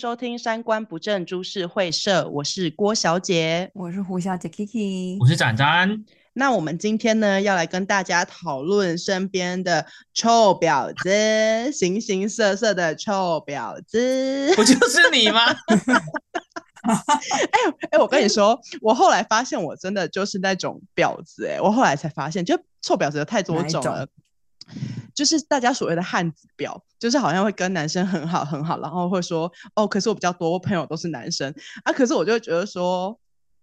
收聽三觀不正株式會社，我是郭小姐，我是胡小姐 Kiki，我是展展。那我們今天呢，要來跟大家討論身邊的臭婊子， 形形色色的臭婊子， 不就是你嗎？哎、 欸欸、我跟你說，我後來發現，我真的就是那種婊子哎、欸，我後來才發現，就臭婊子有太多種了。就是大家所謂的漢子婊，就是好像會跟男生很好很好，然後會說哦，可是我比較多朋友都是男生啊，可是我就會覺得說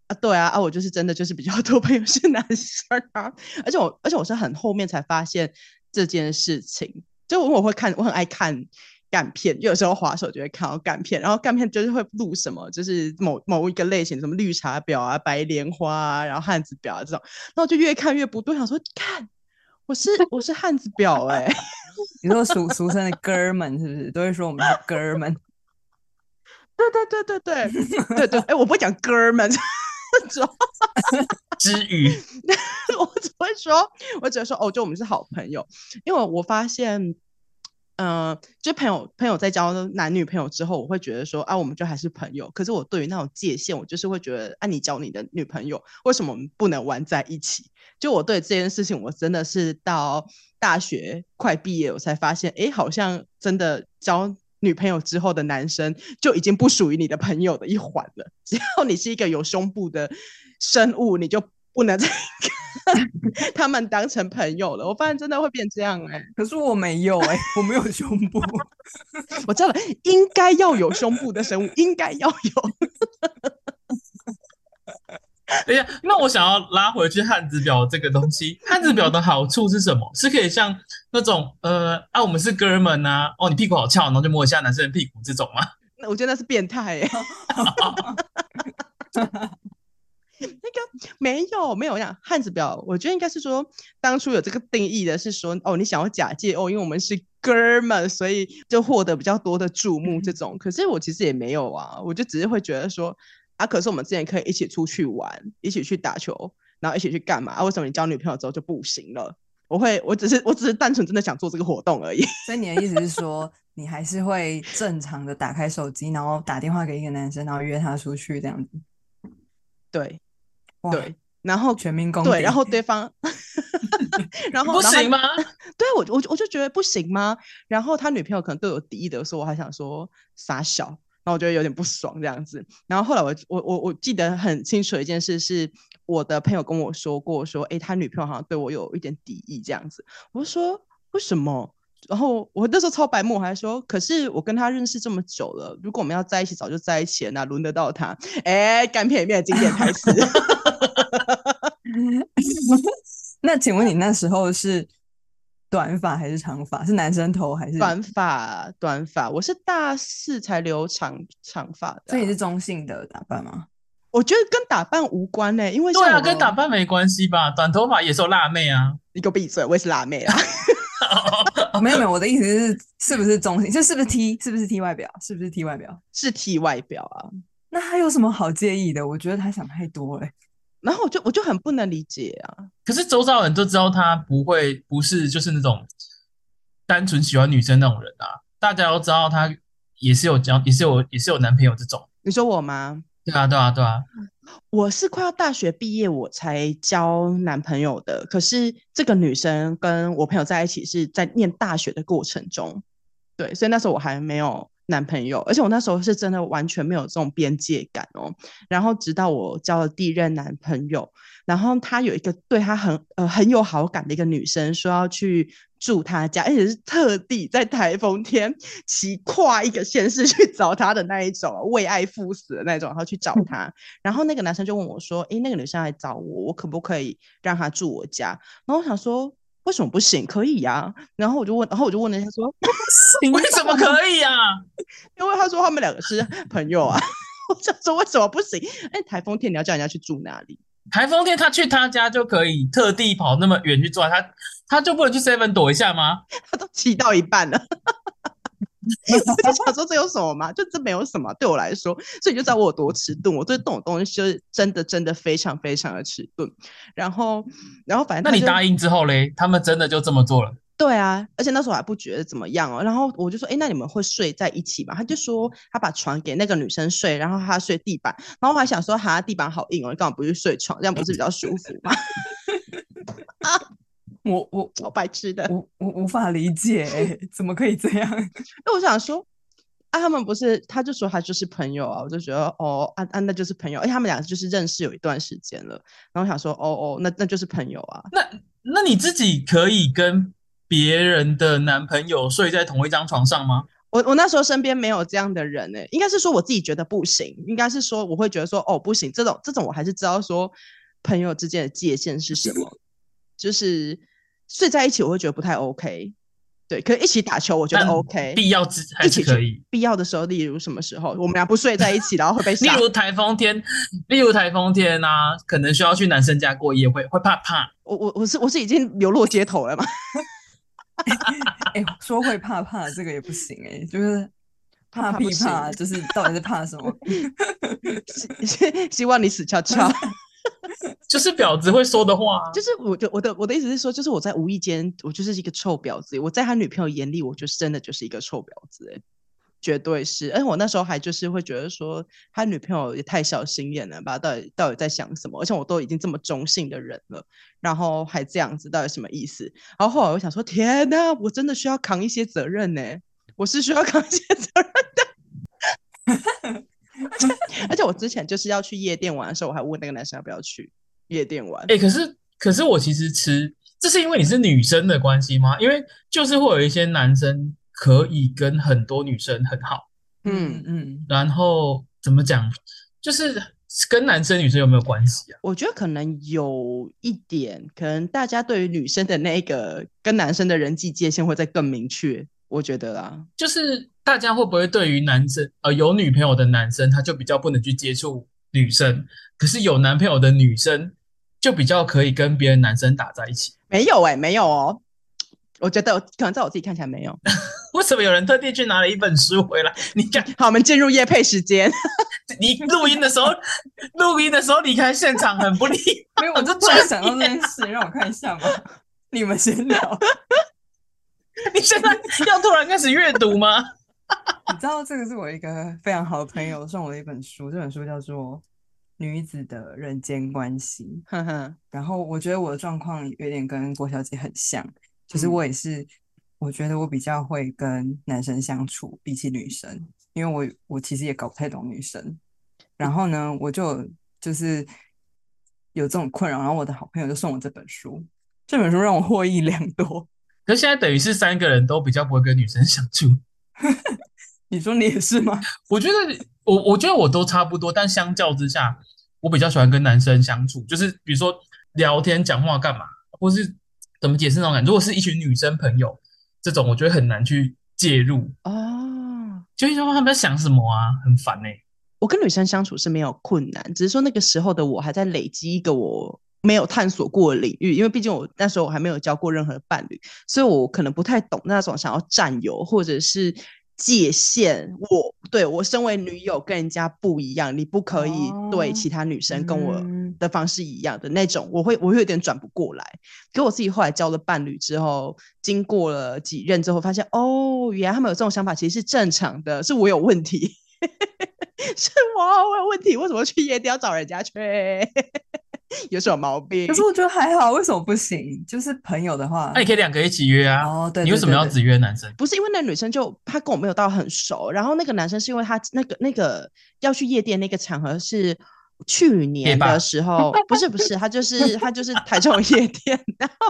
啊，對啊啊，我就是真的就是比較多朋友是男生啊，而且我而且我是很後面才發現這件事情，就我會看，我很愛看港片，有時候滑手就會看到港片，然後港片就是會錄什麼，就是某某一個類型，什麼綠茶婊啊、白蓮花啊，然後漢子婊啊這種，那我就越看越不對，想說看。我是我是漢子婊哎、欸， 你說俗俗稱的哥們是不是？都會說我們是哥們，對對對對對對 對。哎，我不會講哥們，只語。 我只會說，我只會說哦，就我們是好朋友。因為我發現。嗯、呃，就朋友朋友在交男女朋友之後，我會覺得說啊，我們就還是朋友。可是我對於那種界限，我就是會覺得，啊，你交你的女朋友，為什麼我們不能玩在一起？就我對這件事情，我真的是到大學快畢業，我才發現，哎、欸，好像真的交女朋友之後的男生，就已經不屬於你的朋友的一環了。只要你是一個有胸部的生物，你就不能再。 他們當成朋友了，我發現真的會變這樣哎、欸。可是我沒有哎、欸，我沒有胸部。 我知道了，應該要有胸部的生物，應該要有。哎 呀，那我想要拉回去漢子婊這個東西。漢子婊的好處是什麼？ 是可以像那種呃啊，我們是哥們吶，哦，你屁股好翹，然後就摸一下男生的屁股這種嗎？那我覺得那是變態、欸。 那個沒有沒有那樣，漢子婊，我覺得應該是說，當初有這個定義的是說，哦，你想要假借哦，因為我們是哥們，所以就獲得比較多的注目這種。可是我其實也沒有啊，我就只是會覺得說，啊，可是我們之前可以一起出去玩，一起去打球，然後一起去幹嘛、啊、為什麼你交女朋友之後就不行了？我會，我只是我只是單純真的想做這個活動而已。所以你的意思是說， 你還是會正常的打開手機，然後打電話給一個男生，然後約他出去這樣子？對。對，哇然後全民公敵，然後對方， 然後不行嗎？對我，我我就覺得不行嗎？然後他女朋友可能對我敵意的時候，我還想說傻小，然後我覺得有點不爽這樣子。然後後來我我我我記得很清楚的一件事是，是我的朋友跟我說過說，說誒他女朋友好像對我有一點敵意這樣子。我就說為什麼？然後我那時候超白目，還說，可是我跟他認識這麼久了，如果我們要在一起，早就在一起了，哪輪得到他？哎、欸，港片裡面的經典台詞。那請問你那時候是短髮還是長髮？是男生頭還是短髮？短髮，我是大四才留長長髮的。所以你是中性的打扮嗎？我覺得跟打扮無關呢、欸，因為對啊，跟打扮沒關係吧？短頭髮也是辣妹啊！你給我閉嘴，我也是辣妹啊。 沒有沒有，我的意思是，是不是中性？這、就是、是不是 T？是不是 T 外表？是不是 T 外表？是 T 外表啊！那他有什麼好介意的？我覺得他想太多了、欸、然後我就我就很不能理解啊！可是周遭人都知道他不會，不是就是那種單純喜歡女生那種人啊！大家都知道他也是有交，也是有也是有男朋友這種。你說我嗎？對啊對啊對啊。我是快要大學畢業，我才交男朋友的。可是這個女生跟我朋友在一起是在念大學的過程中，對，所以那時候我還沒有男朋友，而且我那時候是真的完全沒有這種邊界感哦。然後直到我交了第一任男朋友，然後他有一個對他很呃很有好感的一個女生，說要去住他家，而且是特地在颱風天騎跨一個縣市去找他的那一種，為愛赴死的那一種，然後去找他。 然後那個男生就問我說：“誒、欸，那個女生來找我，我可不可以讓她住我家？”然後我想說：“為什麼不行？可以呀、啊。”然後我就問，然後我就問了一下說：“ 為什麼可以呀、啊？” 因為他說他們兩個是朋友啊。 我想說為什麼不行？哎、欸，颱風天你要叫人家去住哪裡？颱風天他去他家就可以特地跑那麼遠去抓，他他就不能去 seven 躲一下嗎？他都騎到一半了，哈哈。想說這有什麼嗎就這沒有什麼，對我來說，所以你就知道我有多遲鈍。我對這種東西就是、真的真的非常非常的遲鈍。然後，然後反正那你答應之後嘞，他們真的就這麼做了。對啊，而且那時候我還不覺得怎麼樣哦。然後我就說，哎，那你們會睡在一起嗎？他就說他把床給那個女生睡，然後他睡地板。然後我還想說，哈、啊，地板好硬哦，你幹嘛不去睡床？這樣不是比較舒服嗎？ 啊，我我我白痴的，我我，我無法理解，怎麼可以這樣？哎， 我想說，啊，他們不是，他就說他就是朋友啊，我就覺得哦，啊啊，那就是朋友。哎，他們倆就是認識有一段時間了，然後想說，哦哦，那那就是朋友啊。那那你自己可以跟。別人的男朋友睡在同一張床上嗎？我我那時候身邊沒有這樣的人呢、欸，應該是說我自己覺得不行，應該是說我會覺得說哦不行，這種這種我還是知道說朋友之間的界限是什麼，如就是睡在一起我會覺得不太 OK，對，可以一起打球，我覺得 OK，必要之，一起可以必要的時候，例如什麼時候我們倆不睡在一起， 然後會被，例如颱風天，例如颱風天吶、啊，可能需要去男生家過夜會，會會怕怕，我我我是我是已經流落街頭了嘛。 哎、 欸，說會怕怕這個也不行、欸、就是怕屁怕，怕不 就是到底是怕什麼？ 希望你死翹翹，就是婊子會說的話、啊。 就是我的，我的，我的意思是說，就是我在無意間，我就是一個臭婊子。我在他女朋友眼裡，我就是真的就是一個臭婊子、欸絕對是，而且我那時候還就是會覺得說他女朋友也太小心眼了吧？到底到底在想什麼？而且我都已經這麼中性的人了，然後還這樣子，到底什麼意思？然後後來我想說，天哪、啊，我真的需要扛一些責任呢、欸，我是需要扛一些責任的。 而且我之前就是要去夜店玩的時候，我還問那個男生要不要去夜店玩。欸，可是可是我其實吃，這是因為你是女生的關係嗎？因為就是會有一些男生。可以跟很多女生很好，嗯嗯，嗯，然後怎麼講，就是跟男生女生有沒有關係啊？我覺得可能有一點，可能大家對於女生的那一個跟男生的人際界限會再更明確，我覺得啦。就是大家會不會對於男生呃有女朋友的男生，他就比較不能去接觸女生，可是有男朋友的女生就比較可以跟別人男生打在一起？沒有哎，欸，沒有哦。我覺得可能在我自己看起來沒有， 為什麼有人特地去拿了一本書回來？你看，好，我們進入業配時間。 你錄音的時候，錄音的時候離開現場很不利。因為 我就突然想到這件事， 讓我看一下嘛。你們先聊。 你現在要突然開始閱讀嗎？ 你知道這個是我一個非常好的朋友送我的一本書，這本書叫做《女子的人間關係》。 然後我覺得我的狀況有點跟郭小姐很像。其實我也是，我覺得我比較會跟男生相處，比起女生，因為我我其實也搞不太懂女生。然後呢，我就就是有這種困擾，然後我的好朋友就送我這本書，這本書讓我獲益良多。可是現在等於是三個人都比較不會跟女生相處， 你說你也是嗎？我覺得我我覺得我都差不多，但相較之下，我比較喜歡跟男生相處，就是比如說聊天、講話幹嘛，或是。怎麼解釋那種感覺？如果是一群女生朋友，這種我覺得很難去介入哦。就會說，他們在想什麼啊，很煩呢、欸。我跟女生相處是沒有困難，只是說那個時候的我還在累積一個我沒有探索過的領域，因為畢竟我那時候我還沒有交過任何伴侶，所以我可能不太懂那種想要佔有或者是。界限我，我對我身為女友跟人家不一樣，你不可以對其他女生跟我的方式一樣的、哦嗯、那種，我會，我會有點轉不過來。可我自己後來交了伴侶之後，經過了幾任之後，發現哦，原來他們有這種想法其實是正常的，是我有問題， 是我我有問題，為什麼去夜店要找人家去？ 有什麼毛病，可是我覺得還好，為什麼不行？就是朋友的話，那、啊、你可以兩個一起約啊。哦，對，對，對，對。你為什麼要只約男生？不是因為那女生就她跟我沒有到很熟，然後那個男生是因為他那個那個要去夜店那個場合是去年的時候，吧不是不是，他就是他就是台中夜店， 然後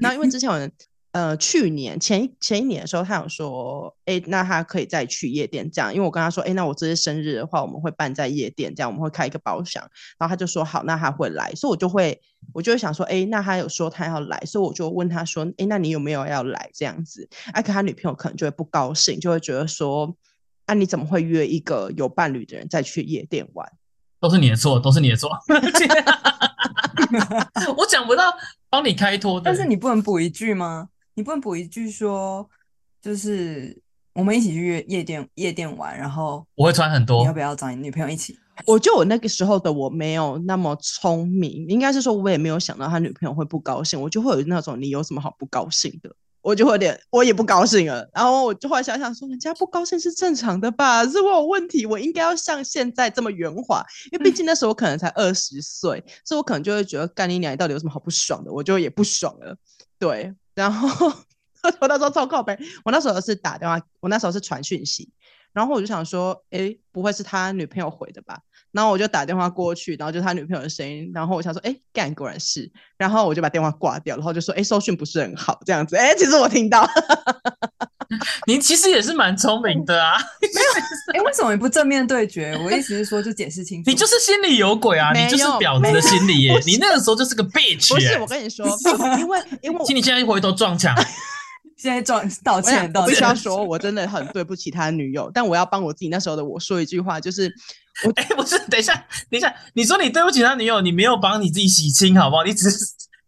然後因為之前有人。呃，去年前一前一年的時候，他想說，哎、欸，那他可以再去夜店這樣，因為我跟他說，哎、欸，那我這次生日的話，我們會辦在夜店這樣，我們會開一個包廂，然後他就說好，那他會來，所以我就會我就會想說，哎、欸，那他有說他要來，所以我就問他說，哎、欸，那你有沒有要來這樣子？哎、啊，可他女朋友可能就會不高興，就會覺得說，啊，你怎麼會約一個有伴侶的人再去夜店玩？都是你的錯，都是你的錯。 我講不到幫你開脫，但是你不能補一句嗎？你不能補一句說，就是我們一起去夜店夜店玩，然後我會穿很多，你要不要找你女朋友一起？我就我那個時候的我沒有那麼聰明，應該是說我也沒有想到他女朋友會不高興，我就會有那種你有什麼好不高興的，我就會有點我也不高興了。然後我就後來想想說，人家不高興是正常的吧？是我有問題，我應該要像現在這麼圓滑，因為畢竟那時候我可能才二十歲，嗯、所以我可能就會覺得幹你娘，你到底有什麼好不爽的？我就也不爽了。對。然後我那時候超靠北，我那時候是打電話，我那時候是傳訊息，然後我就想說，哎，不會是他女朋友回的吧？然後我就打電話過去，然後就他女朋友的聲音，然後我想說，哎幹，果然是，然後我就把電話掛掉，然後就說，哎，收訊不是很好，這樣子，哎，其實我聽到。 你其實也是蠻聰明的啊、嗯，沒有，哎、欸，為什麼你不正面對決？我意思是說，就解釋清楚。 你就是心裡有鬼啊，有你就是婊子的心理耶、欸，你那個時候就是個 bitch、欸。不是我跟你說，因為因為我。請你現在一回頭撞牆， 現在撞，道歉，道歉。我必須歉要說我真的很對不起他女， 他女友，但我要幫我自己那時候的我說一句話，就是我哎，欸、不是，等一下，等一下，你說你對不起他女友，你沒有幫你自己洗清，好不好？你只是。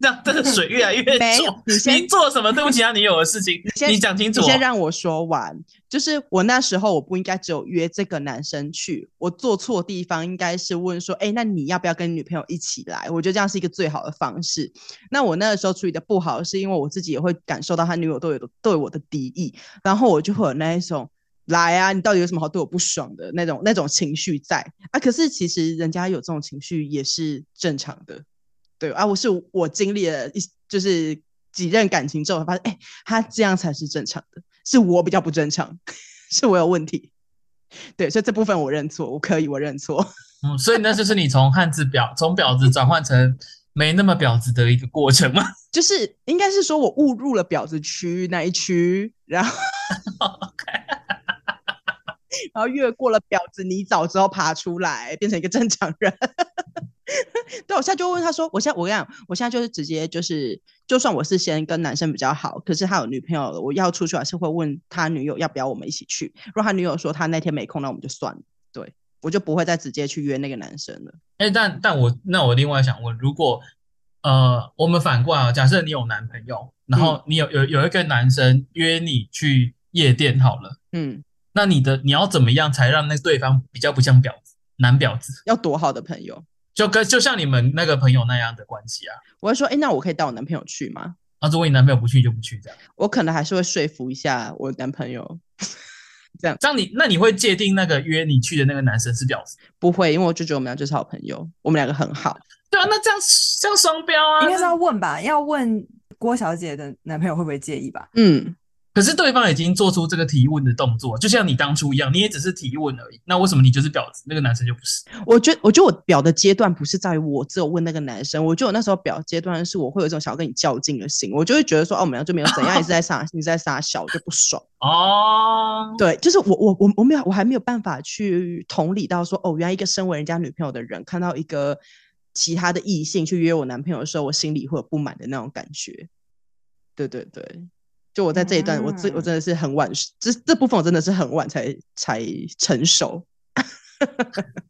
那這個水越來越重。 你先你做什麼？對不起啊，你女友的事情， 你先你講清楚。哦，你先讓我說完。就是我那時候，我不應該只有約這個男生去，我做錯地方，應該是問說：“哎、欸，那你要不要跟女朋友一起來？”我覺得這樣是一個最好的方式。那我那個時候處理的不好，是因為我自己也會感受到他女友都有對我的敵意，然後我就會有那一種“來啊，你到底有什麼好對我不爽的那種那種情緒在啊？”可是其實人家有這種情緒也是正常的。對啊，我是我經歷了一就是幾任感情之後，發現哎、欸，他這樣才是正常的，是我比較不正常，是我有問題。對，所以這部分我認錯，我可以，我認錯。嗯，所以那就是你從漢子婊 從婊子轉換成沒那麼婊子的一個過程嗎？就是應該是說我誤入了婊子區那一區，然後，Okay. 然後越過了婊子泥沼之後爬出來，變成一個正常人。 對，我現在就問他說：“我現在我跟你講，我現在就是直接就是，就算我是先跟男生比較好，可是他有女朋友了，我要出去還是會問他女友要不要我們一起去。如果他女友說他那天沒空，那我們就算了。對，我就不會再直接去約那個男生了。”哎、欸，但但我那我另外想問，如果呃我們反過來、啊，假設你有男朋友，然後你有、嗯、有有一個男生約你去夜店好了，嗯，那你的你要怎麼樣才讓那對方比較不像婊子，男婊子？要多好的朋友？就跟就像你們那個朋友那樣的關係啊，我會說，誒、欸、那我可以帶我男朋友去嗎？啊，如果你男朋友不去就不去這樣，我可能還是會說服一下我男朋友。這樣，這樣你那你會界定那個約你去的那個男生是婊子？不會，因為我就覺得我們倆就是好朋友，我們兩個很好。對啊，那這樣這樣雙標啊，應該是要問吧？那，要問郭小姐的男朋友會不會介意吧？嗯。可是對方已經做出這個提問的動作，就像你當初一樣，你也只是提問而已。那為什麼你就是婊子？那個男生就不是？我覺得，我覺得我表的階段不是在於我只有問那個男生，我覺得我那時候表的階段是我會有一種想要跟你較勁的心，我就會覺得說哦，我們就沒有怎樣，一直在傻， 你是在傻笑，我就不爽。哦，對，就是我，我，我，我沒有，我還沒有辦法去同理到說哦，原來一個身為人家女朋友的人，看到一個其他的異性去約我男朋友的時候，我心裡會有不滿的那種感覺。對，對，對，對，對。就我在這一段，嗯、我這我真的是很晚，這這部分我真的是很晚才才成熟。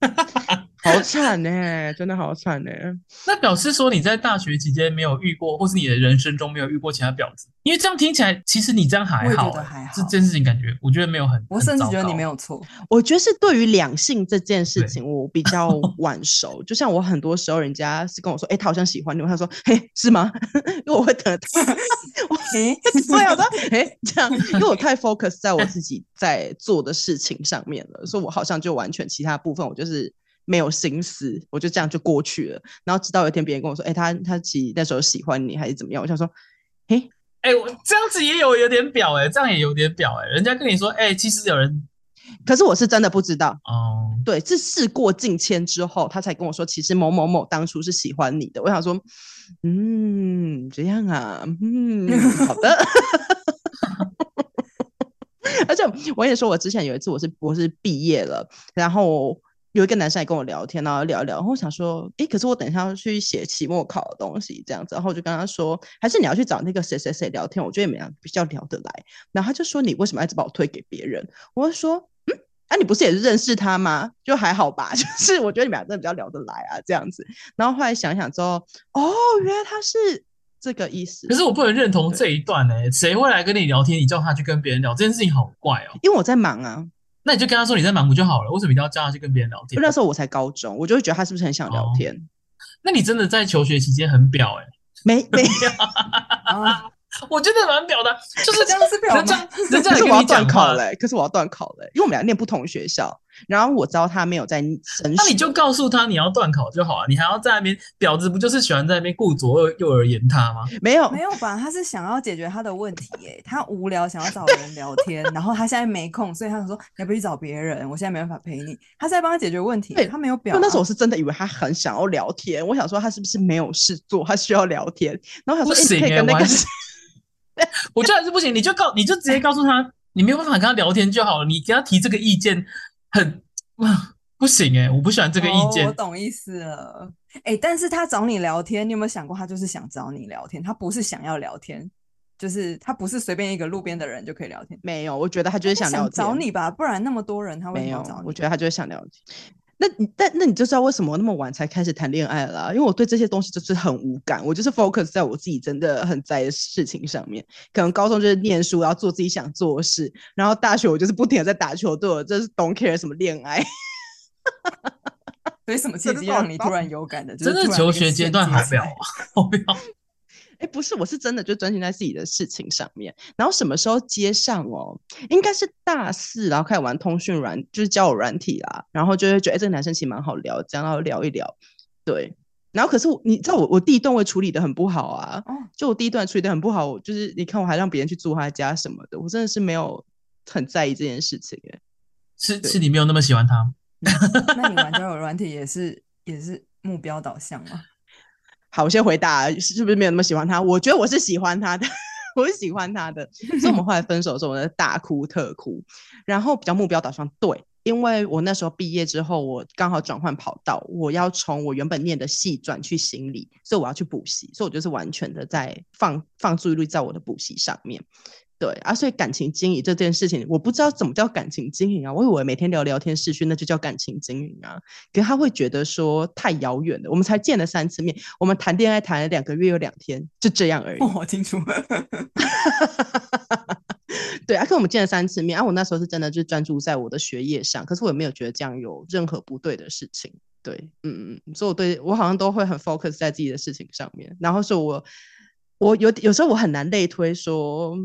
好慘呢、欸，真的好慘呢、欸。那表示說你在大學期間沒有遇過，或是你的人生中沒有遇過其他婊子，因為這樣聽起來，其實你這樣還好、欸。我覺得還好。這件事情感覺，我覺得沒有很。很我甚至覺得你沒有錯。我覺得是對於兩性這件事情，對我比較晚熟。就像我很多時候，人家是跟我說：“哎、 欸，他好像喜歡你。”他說：“嘿、欸，是嗎？” 因為我會等他。我、 欸，所以 我說：“哎、欸，這樣。”因為我太 focus 在我自己在做的事情上面了， 所以我好像就完全其他部分，我就是。沒有心思，我就這樣就過去了。然後直到有一天，別人跟我說：“哎、欸，他他其實那時候喜歡你還是怎麼樣？”我想說：“哎、欸、哎、欸，我這樣子也有有點表哎、欸，這樣也有點表哎、欸。”人家跟你說：“哎、欸，其實有人。”可是我是真的不知道哦。嗯、對，是事過境遷之後，他才跟我說：“其實某某某當初是喜歡你的。”我想說：“嗯，這樣啊，嗯，好的。” 而且我跟你說，我之前有一次，我是我是畢業了，然後。有一個男生也跟我聊天呢，然後聊一聊。然後我想說，哎、欸，可是我等一下要去寫期末考的東西，這樣子。然後我就跟他說，還是你要去找那個誰誰誰聊天，我覺得你們倆比較聊得來。然後他就說，你為什麼要一直把我推給別人？我就說，嗯，那、啊、你不是也是認識他嗎？就還好吧，就是我覺得你們倆真的比較聊得來啊，這樣子。然後後來想想之後，哦，原來他是這個意思。可是我不能認同這一段哎、欸，誰對會來跟你聊天？你叫他去跟別人聊，這件事情好怪哦、喔。因為我在忙啊。那你就跟他說你在忙活就好了，為什麼一定要叫他去跟別人聊天？那時候我才高中，我就會覺得他是不是很想聊天？哦、那你真的在求學期間很婊欸？沒沒有？ 啊、我覺得蠻婊的，就是真的是這樣是婊，要要這樣可可我要考了、欸。可是我要斷考了，可是我要斷考了，因為我們倆唸不同學校。然後我知道他沒有在那，你就告訴他你要段考就好，啊、你還要在那邊。婊子，不就是喜歡在那邊顧左右而言他嗎？沒有 沒有吧，他是想要解決他的問題、欸，耶。他無聊想要找人聊天， 然後他現在沒空，所以他想說你要不要去找別人？我現在沒辦法陪你，他在幫他解決問題。對他沒有表，那時候我是真的以為他很想要聊天，我想說他是不是沒有事做，他需要聊天，然後他說不行、欸欸、你可以跟那個， 我就還是不行，你就告你就直接告訴他你沒有辦法跟他聊天就好了，你給他提這個意見。很哇，不行哎、欸，我不喜歡這個意見。Oh, 我懂意思了，哎、欸，但是他找你聊天，你有沒有想過，他就是想找你聊天，他不是想要聊天，就是他不是隨便一個路邊的人就可以聊天。沒有，我覺得他就是想聊天，想找你吧，不然那麼多人他為什麼找你，他會沒有？我覺得他就是想聊天。那你但那你就知道為什麼那麼晚才開始談戀愛了，因為我對這些東西就是很無感，我就是 focus 在我自己真的很在意事情上面，可能高中就是念書，然後做自己想做的事，然後大學我就是不停的在打球，對，我就是 don't care 什麼戀愛，哈哈哈哈哈，什麼契機讓你突然有感的？真的求學階段好不要啊，不要。 哎，不是，我是真的就專心在自己的事情上面。然後什麼時候接上哦？應該是大四，然後開始玩通訊軟，就是交友軟體啦。然後就會覺得，這個男生其實蠻好聊，這樣然後聊一聊。對，然後可是你知道我，我第一段會處理得很不好啊。哦。就我第一段處理得很不好，我就是你看我還讓別人去住他家什麼的，我真的是沒有很在意這件事情、欸。哎，是是你沒有那麼喜歡他？ 那你玩交友軟體也是也是目標導向嗎？好，我先回答是不是沒有那麼喜歡他？我覺得我是喜歡他的， 我喜歡他的。所以我們後來分手的時候，我在大哭特哭。 然後比較目標導向，對，因為我那時候畢業之後，我剛好轉換跑道，我要從我原本念的戲轉去心理，所以我要去補習，所以我就是完全的在放放注意力在我的補習上面。對啊，所以感情經營這件事情，我不知道怎麼叫感情經營啊。我以為每天聊聊天、視訊，那就叫感情經營啊。可是他會覺得說太遙遠了。我們才見了三次面，我們談戀愛談了兩個月有兩天，就這樣而已。我、哦、清楚了。 對啊，可我們見了三次面啊。我那時候是真的就專注在我的學業上，可是我也沒有覺得這樣有任何不對的事情。對，嗯嗯。所以我對我好像都會很 focus 在自己的事情上面。然後說我我有有時候我很難類推說。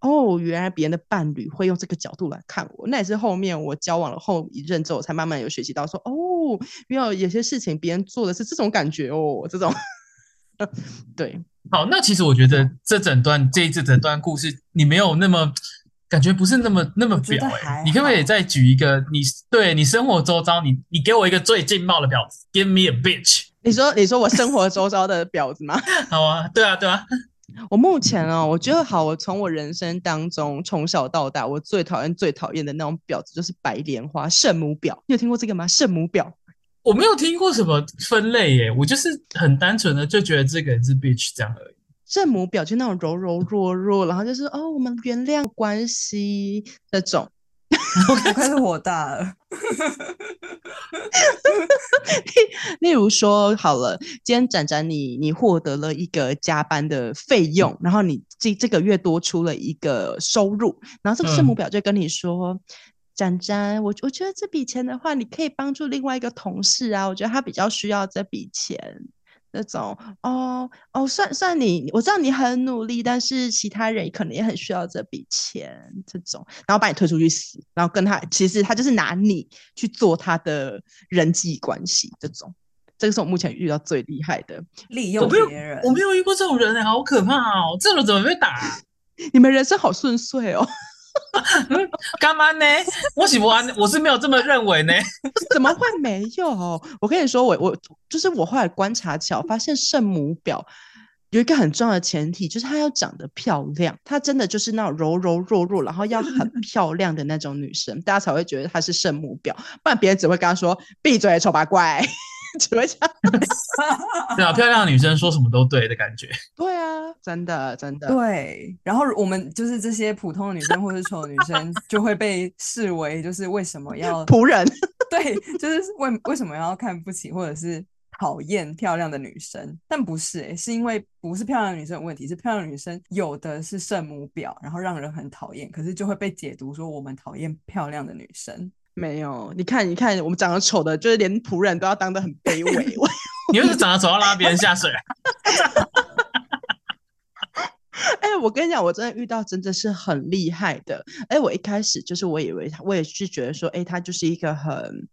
哦，原來別人的伴侶會用這個角度來看我，那也是後面，我交往了後一任之後才慢慢有學習到說，哦，原來有，有些事情別人做的是這種感覺哦，這種，對，好，那其實我覺得這整段、嗯、這一次整段故事，你沒有那麼感覺不是那麼那麼婊、欸。你可不可以再舉一個你對你生活周遭，你你給我一個最勁爆的婊子。子，Give me a bitch，你說你說我生活周遭的婊子嗎？ 好啊，對啊，對啊。我目前哦，我覺得好，我從我人生當中從小到大，我最討厭最討厭的那種婊子就是白蓮花聖母婊。你有聽過這個嗎？聖母婊？我沒有聽過什麼分類耶，我就是很單純的就覺得這個人是 bitch 這樣而已。聖母婊就那種柔柔弱弱，然後就是哦，我們原諒關係那種。 我趕快是火大了，哈，哈，哈，哈，哈，哈，哈，哈。例如說，好了，今天展展你你獲得了一個加班的費用，嗯、然後你這這個月多出了一個收入，然後這個聖母婊就跟你說，展、嗯、展，我我覺得這筆錢的話，你可以幫助另外一個同事啊，我覺得他比較需要這筆錢。那種哦哦，算算你，我知道你很努力，但是其他人可能也很需要這筆錢，這種，然後把你推出去死，然後跟他，其實他就是拿你去做他的人際關係，這種，這個是我目前遇到最厲害的。利用別人。我沒有，我沒有遇過這種人哎、欸，好可怕哦、喔，這種怎麼被打？ 你們人生好順遂哦、喔。幹嘛呢？我喜歡，我是沒有這麼認為呢。 怎麼會沒有？我跟你說，我我就是我後來觀察起來，我發現聖母婊有一個很重要的前提，就是她要長得漂亮，她真的就是那種柔柔弱弱，然後要很漂亮的那種女生， 大家才會覺得她是聖母婊。不然別人只會跟她說閉嘴，醜八怪。 只會這樣笑，對啊，漂亮女生說什麼都對的感覺。對啊，真的真的。對，然後我們就是這些普通的女生或是醜的女生，就會被視為就是為什麼要僕 僕人？ 對，就是為為什麼要看不起或者是討厭漂亮的女生？但不是、欸，是因為不是漂亮的女生的問題，是漂亮的女生有的是聖母婊，然後讓人很討厭，可是就會被解讀說我們討厭漂亮的女生。沒有，你看，你看，我們長得醜的，就是連僕人都要當得很卑微。 你又是長得醜要拉別人下水、啊？哎、 欸，我跟你講，我真的遇到真的是很厲害的。哎、欸，我一開始就是我以為他，我也是覺得說，哎、欸，他就是一個很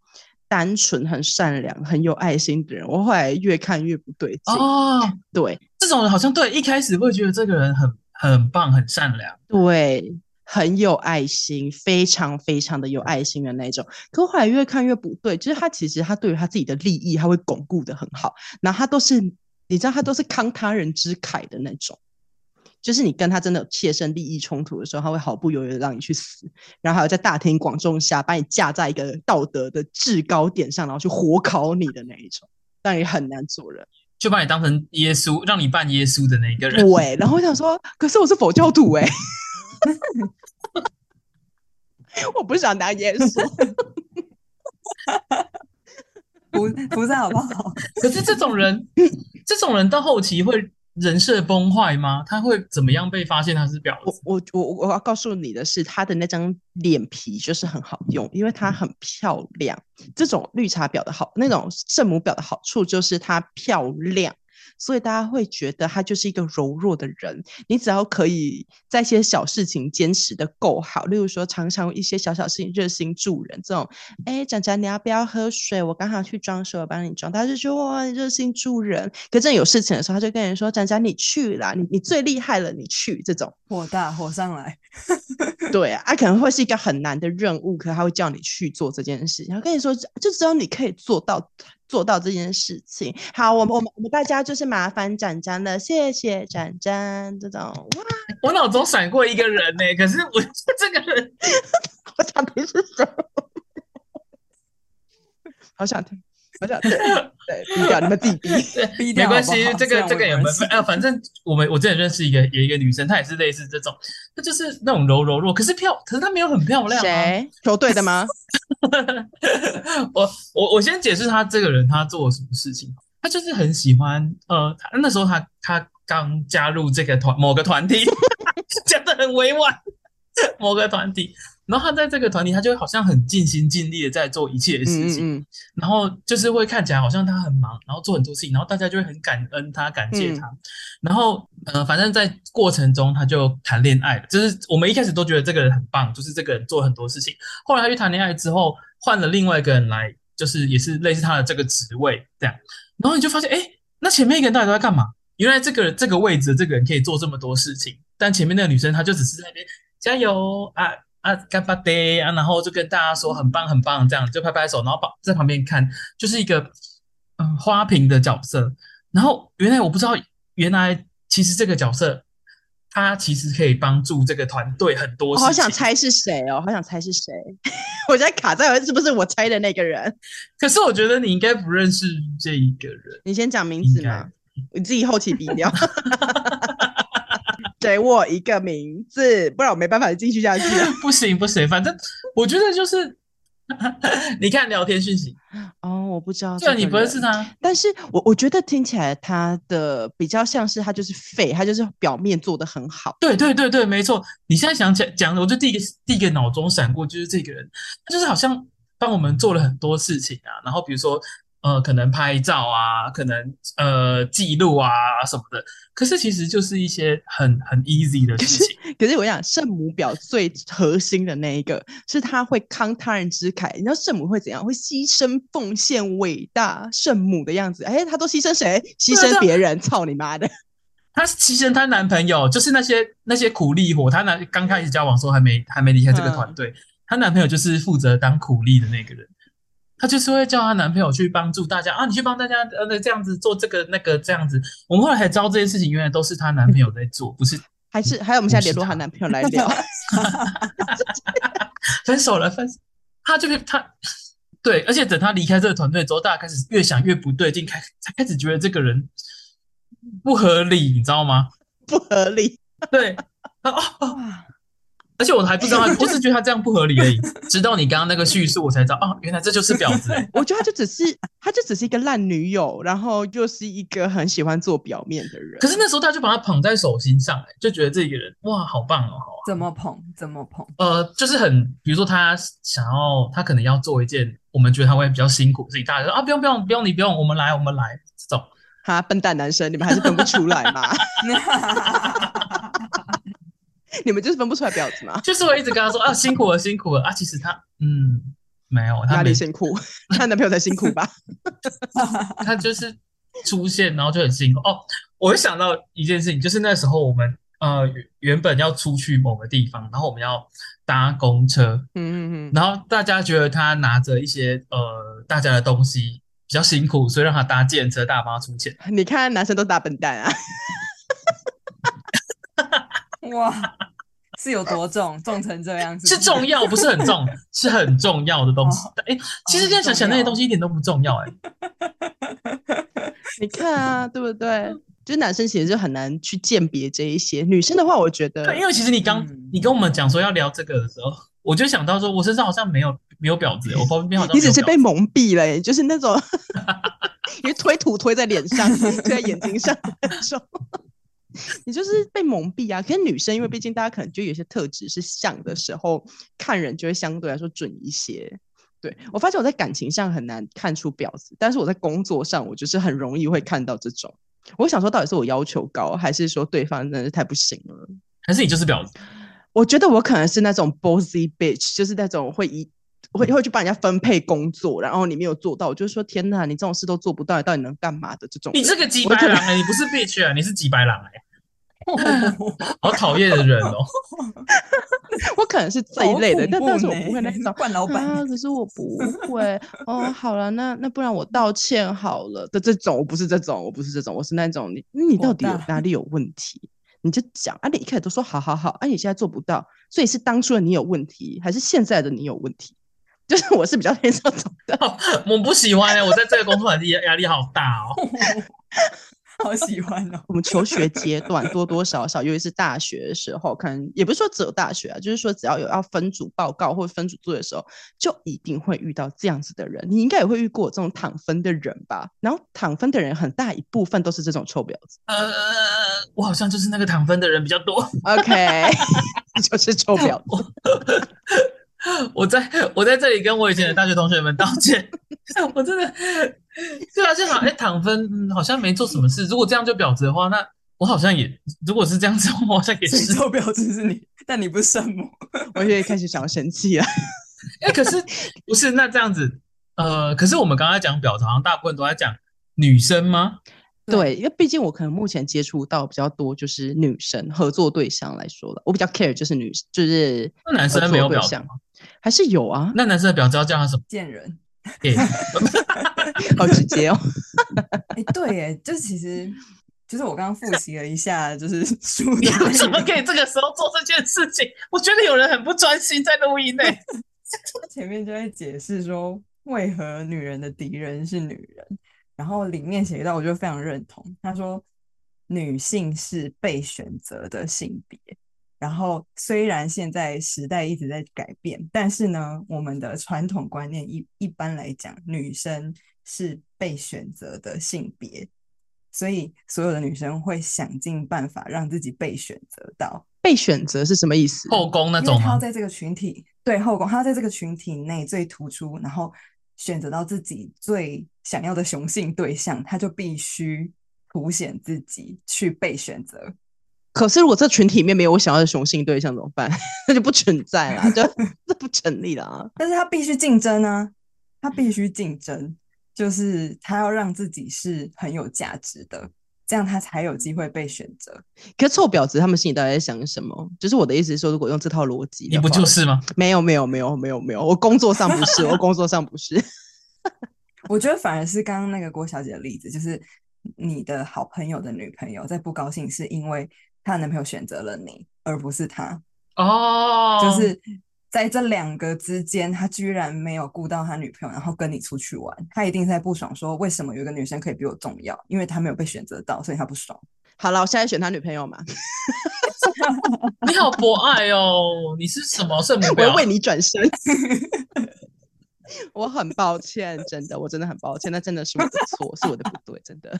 單純、很善良、很有愛心的人。我後來越看越不對勁。哦，對，這種人好像對一開始會覺得這個人很很棒、很善良。對。很有愛心，非常非常的有愛心的那種。可我後來越看越不對，就是他其實他對於他自己的利益，他會鞏固的很好。然後他都是，你知道他都是慷他人之慨的那種。就是你跟他真的有切身利益衝突的時候，他會毫不猶豫的讓你去死，然後還在大庭廣眾下把你架在一個道德的制高點上，然後去火烤你的那一種，但也很難做人。就把你當成耶穌，讓你扮耶穌的那個人。對、欸，然後我想說， 可是我是佛教徒哎、欸。 我不想當耶穌，不菩薩好不好？ 可是這種人，這種人到後期會人設崩壞嗎？他會怎麼樣被發現他是婊子？我我我我要告訴你的是，他的那張臉皮就是很好用，因為她很漂亮。這種綠茶婊的好，那種聖母婊的好處就是她漂亮。所以大家會覺得他就是一個柔弱的人。你只要可以在一些小事情堅持的夠好，例如說常常一些小小事情熱心助人，這種，哎、欸，展展你要不要喝水？我剛好去裝水，我幫你裝。他就說哇，熱心助人。可是有事情的時候，他就跟人說，展展你去啦，你你最厲害了，你去這種火大火上來。 對啊，他、啊、可能會是一個很難的任務，可能他會叫你去做這件事，然後他跟你說，就只要你可以做到。做到這件事情，好，我們我們我們大家就是麻煩展展的，謝謝展展，這種哇，我腦中閃過一個人呢、欸，可是我這個人，我想的是什麼？好想聽。反正對，對對好，不管那麼低調，沒關係。好這個這個也沒有，哎、啊，反正我們我之前認識一個，有一個女生，她也是類似這種，她就是那種柔柔弱，可是漂，可是她沒有很漂亮，啊。誰？球隊的嗎？可是 我我我先解釋她這個人，她做了什麼事情？她就是很喜歡，呃，那時候她她剛加入這個團某個團體，講的 很委婉。某個團體，然後他在這個團體，他就好像很盡心盡力的在做一切的事情，嗯嗯。然後就是會看起來好像他很忙，然後做很多事情，然後大家就會很感恩他，感謝他。嗯。然後，呃，反正在過程中他就談戀愛了，就是我們一開始都覺得這個人很棒，就是這個人做了很多事情。後來他去談戀愛之後，換了另外一個人來，就是也是類似他的這個職位這樣。然後你就發現，誒，那前面一個人到底都在幹嘛？原來這個這個位置的這個人可以做這麼多事情，但前面那個女生她就只是在那邊。加油啊啊，干巴爹啊！然後就跟大家說很棒很棒，這樣就拍拍手，然後把在旁邊看，就是一個嗯花瓶的角色。然後原來我不知道，原來其實這個角色他其實可以幫助這個團隊很多。我好想猜是誰哦，好想猜是誰， 我現在卡在我是不是我猜的那個人？可是我覺得你應該不認識這一個人。你先講名字嘛，你該自己後期比掉。 給我一個名字，不然我沒辦法繼續下去了。不行 不行，反正我覺得就是，呵呵，你看聊天訊息哦，我不知道，雖然對你不認識他，但是我我覺得聽起來他的比較像是他就是廢，他就是表面做得很好。對對對對，沒錯。你現在想起來講的，我就第一個第一個腦中閃過就是這個人，他就是好像幫我們做了很多事情啊，然後比如說。呃，可能拍照啊，可能呃記錄啊什麼的，可是其實就是一些很很 easy 的事情。可是，可是我想聖母婊最核心的那一個，是她會慷他人之慨。你知道聖母會怎樣？會犧牲奉獻偉大聖母的樣子？哎、欸，她都犧牲誰？犧牲別人？操、啊、你媽的！她犧牲她男朋友，就是那些那些苦力活。她男剛開始交往時候還沒還沒離開這個團隊，她、嗯、男朋友就是負責當苦力的那個人。她就是會叫她男朋友去幫助大家啊！你去幫大家呃，這樣子做這個那個這樣子。我們後來才知道這些事情，原來都是她男朋友在做，嗯、不是？還是還有我們現在聯絡她男朋友來聊。分手了分手，手他就是他，對，而且等他離開這個團隊之後，大家開始越想越不對勁，開才開始覺得這個人不合理，你知道嗎？不合理， 對、啊、哦。哦而且我還不知道，我 就是覺得他這樣不合理而已。直到你剛剛那個敘述，我才知道啊，原來這就是婊子、欸。我覺得他就只是，他就只是一個爛女友，然後就是一個很喜歡做表面的人。可是那時候他就把他捧在手心上、欸，就覺得這個人哇，好棒哦！啊、怎麼捧？怎麼捧？呃，就是很，比如說他想要，他可能要做一件，我們覺得他會比較辛苦，自己大家說啊，不用不用不用，不用你不用，我們來我們來這種。哈，笨蛋男生，你們還是分不出來嘛。 你們就是分不出來婊子嗎？ 就是我一直跟他說啊，辛苦了，辛苦了啊。其實他嗯，沒有，他哪裡辛苦， 他男朋友才辛苦吧。 他就是出現，然後就很辛苦哦。我會想到一件事情，就是那時候我們呃原本要出去某個地方，然後我們要搭公車，嗯嗯嗯，然後大家覺得他拿着一些呃大家的東西比較辛苦，所以讓他搭計程車，大媽出錢。你看男生都大笨蛋啊！ 哇。是有多重重成這樣子？是重要，不是很重，是很重要的東西。誒，其實現在想想那些東西一點都不重要，誒，你看啊，對不對？就男生其實就很難去鑑別這一些。女生的話，我覺得，因為其實你剛你跟我們講說要聊這個的時候，我就想到說，我身上好像沒有沒有婊子，我旁邊好像你只是被蒙蔽了，就是那種，因為推土推在臉上，推在眼睛上那種。 你就是被蒙蔽啊！可是女生，因為畢竟大家可能就有些特質是像的時候、嗯、看人就會相對來說準一些。對，我發現我在感情上很難看出婊子，但是我在工作上我就是很容易會看到這種。我想說，到底是我要求高，還是說對方真的是太不行了？還是你就是婊子？我覺得我可能是那種 bossy bitch，就是那種會以會會去幫人家分配工作，然後你沒有做到，我就是說天哪，你這種事都做不到，你到底能幹嘛的這種？你這個幾百狼、欸、 你不是 bitch 啊，你是幾百狼 好討厭的人哦，喔！ 我可能是這一類的， 欸、但但是我不會來找換老闆。可、 啊、是我不會 哦。好了，那那不然我道歉好了。的 這種我不是這種，我不是這種，我是那種你你到底有大哪裡有問題？你就講啊！你一開始都說好好好，啊你現在做不到，所以是當初的你有問題，還是現在的你有問題？就是我是比較偏向這種的，我不喜歡，欸、我在這個工作環境壓力好大哦。 好喜歡哦！ 我們求學階段多多少少，尤其是大學的時候，可能也不是說只有大學啊，就是說只要有要分組報告或分組做的時候，就一定會遇到這樣子的人。你應該也會遇過這種躺分的人吧？然後躺分的人很大一部分都是這種臭婊子。呃，我好像就是那個躺分的人比較多。OK， 就是臭婊子。我，我在我在這裡跟我以前的大學同學們道歉， 我真的。對啊，就好。哎，躺分好像沒做什麼事。 如果這樣就婊子的話，那我好像也，如果是這樣子的話，我好像也是。最後婊子是你，但你不是聖母。 我也在開始想要生氣啊！哎，可是不是那這樣子，呃，可是我們剛剛講婊子，好像大部分都在講女生嗎？對，因為畢竟我可能目前接觸到比較多就是女生合作對象來說了，我比較 care 就是女生，就是。那男生沒有婊子嗎？還是有啊？那男生的婊子要叫他什麼？賤人。欸、 好直接哦、 欸！對耶，哎，就是其實就是我剛剛複習了一下，就是書的你怎麼可以這個時候做這件事情？我覺得有人很不專心在錄音呢。 前面就會解釋說，為何女人的敵人是女人。然後裡面寫到，我就非常認同。他說，女性是被選擇的性別。然後，雖然現在時代一直在改變，但是呢，我們的傳統觀念一一般來講，女生是被選擇的性別，所以所有的女生會想盡辦法讓自己被選擇到。被選擇是什麼意思？後宮那種嗎？因為他要在這個群體，對，後宮，她要在這個群體內最突出，然後選擇到自己最想要的雄性對象，他就必須凸顯自己去被選擇。可是，如果這群體裡面沒有我想要的雄性對象怎麼辦？ 那就不存在了，就這不成立了啊！ 但是，他必須競爭啊，他必須競爭，嗯、就是他要讓自己是很有價值的，這樣他才有機會被選擇。可臭婊子，他們心裡到底在想什麼？就是我的意思是說，如果用這套邏輯，你不就是嗎？沒有，沒有，沒有，沒有，沒有，我工作上不是， 我工作上不是。 我覺得反而是剛剛那個郭小姐的例子，就是你的好朋友的女朋友在不高興，是因為。他男朋友選擇了你，而不是他哦。Oh. 就是在這兩個之間，他居然沒有顧到他女朋友，然後跟你出去玩。他一定是在不爽，說為什麼有個女生可以比我重要？因為他沒有被選擇到，所以他不爽。好了，我現在選他女朋友嘛？你好 博愛哦，你是什麼聖母？我會為你轉身。 我很抱歉，真的，我真的很抱歉，那真的是我的錯， 是我的不對，真的。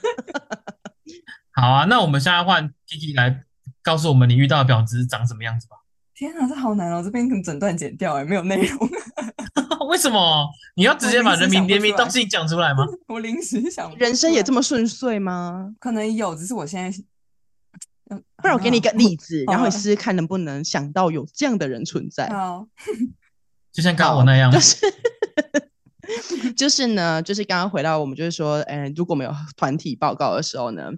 好啊，那我們現在換弟弟來。告訴我們你遇到的婊子長什麼樣子吧！天啊，這好難哦、喔！這邊可能整段剪掉哎、欸，沒有內容。 為什麼你要直接把人民別名東西講出來嗎？我臨時想， 時想不出來人生也這麼順遂嗎？可能有，只是我現在……不然我給你一個例子，哦、然後你試試看能不能想到有這樣的人存在。哦、就像剛我那樣。哦就是 就是呢，就是剛剛回到我們，就是說，嗯、欸，如果沒有團體報告的時候呢，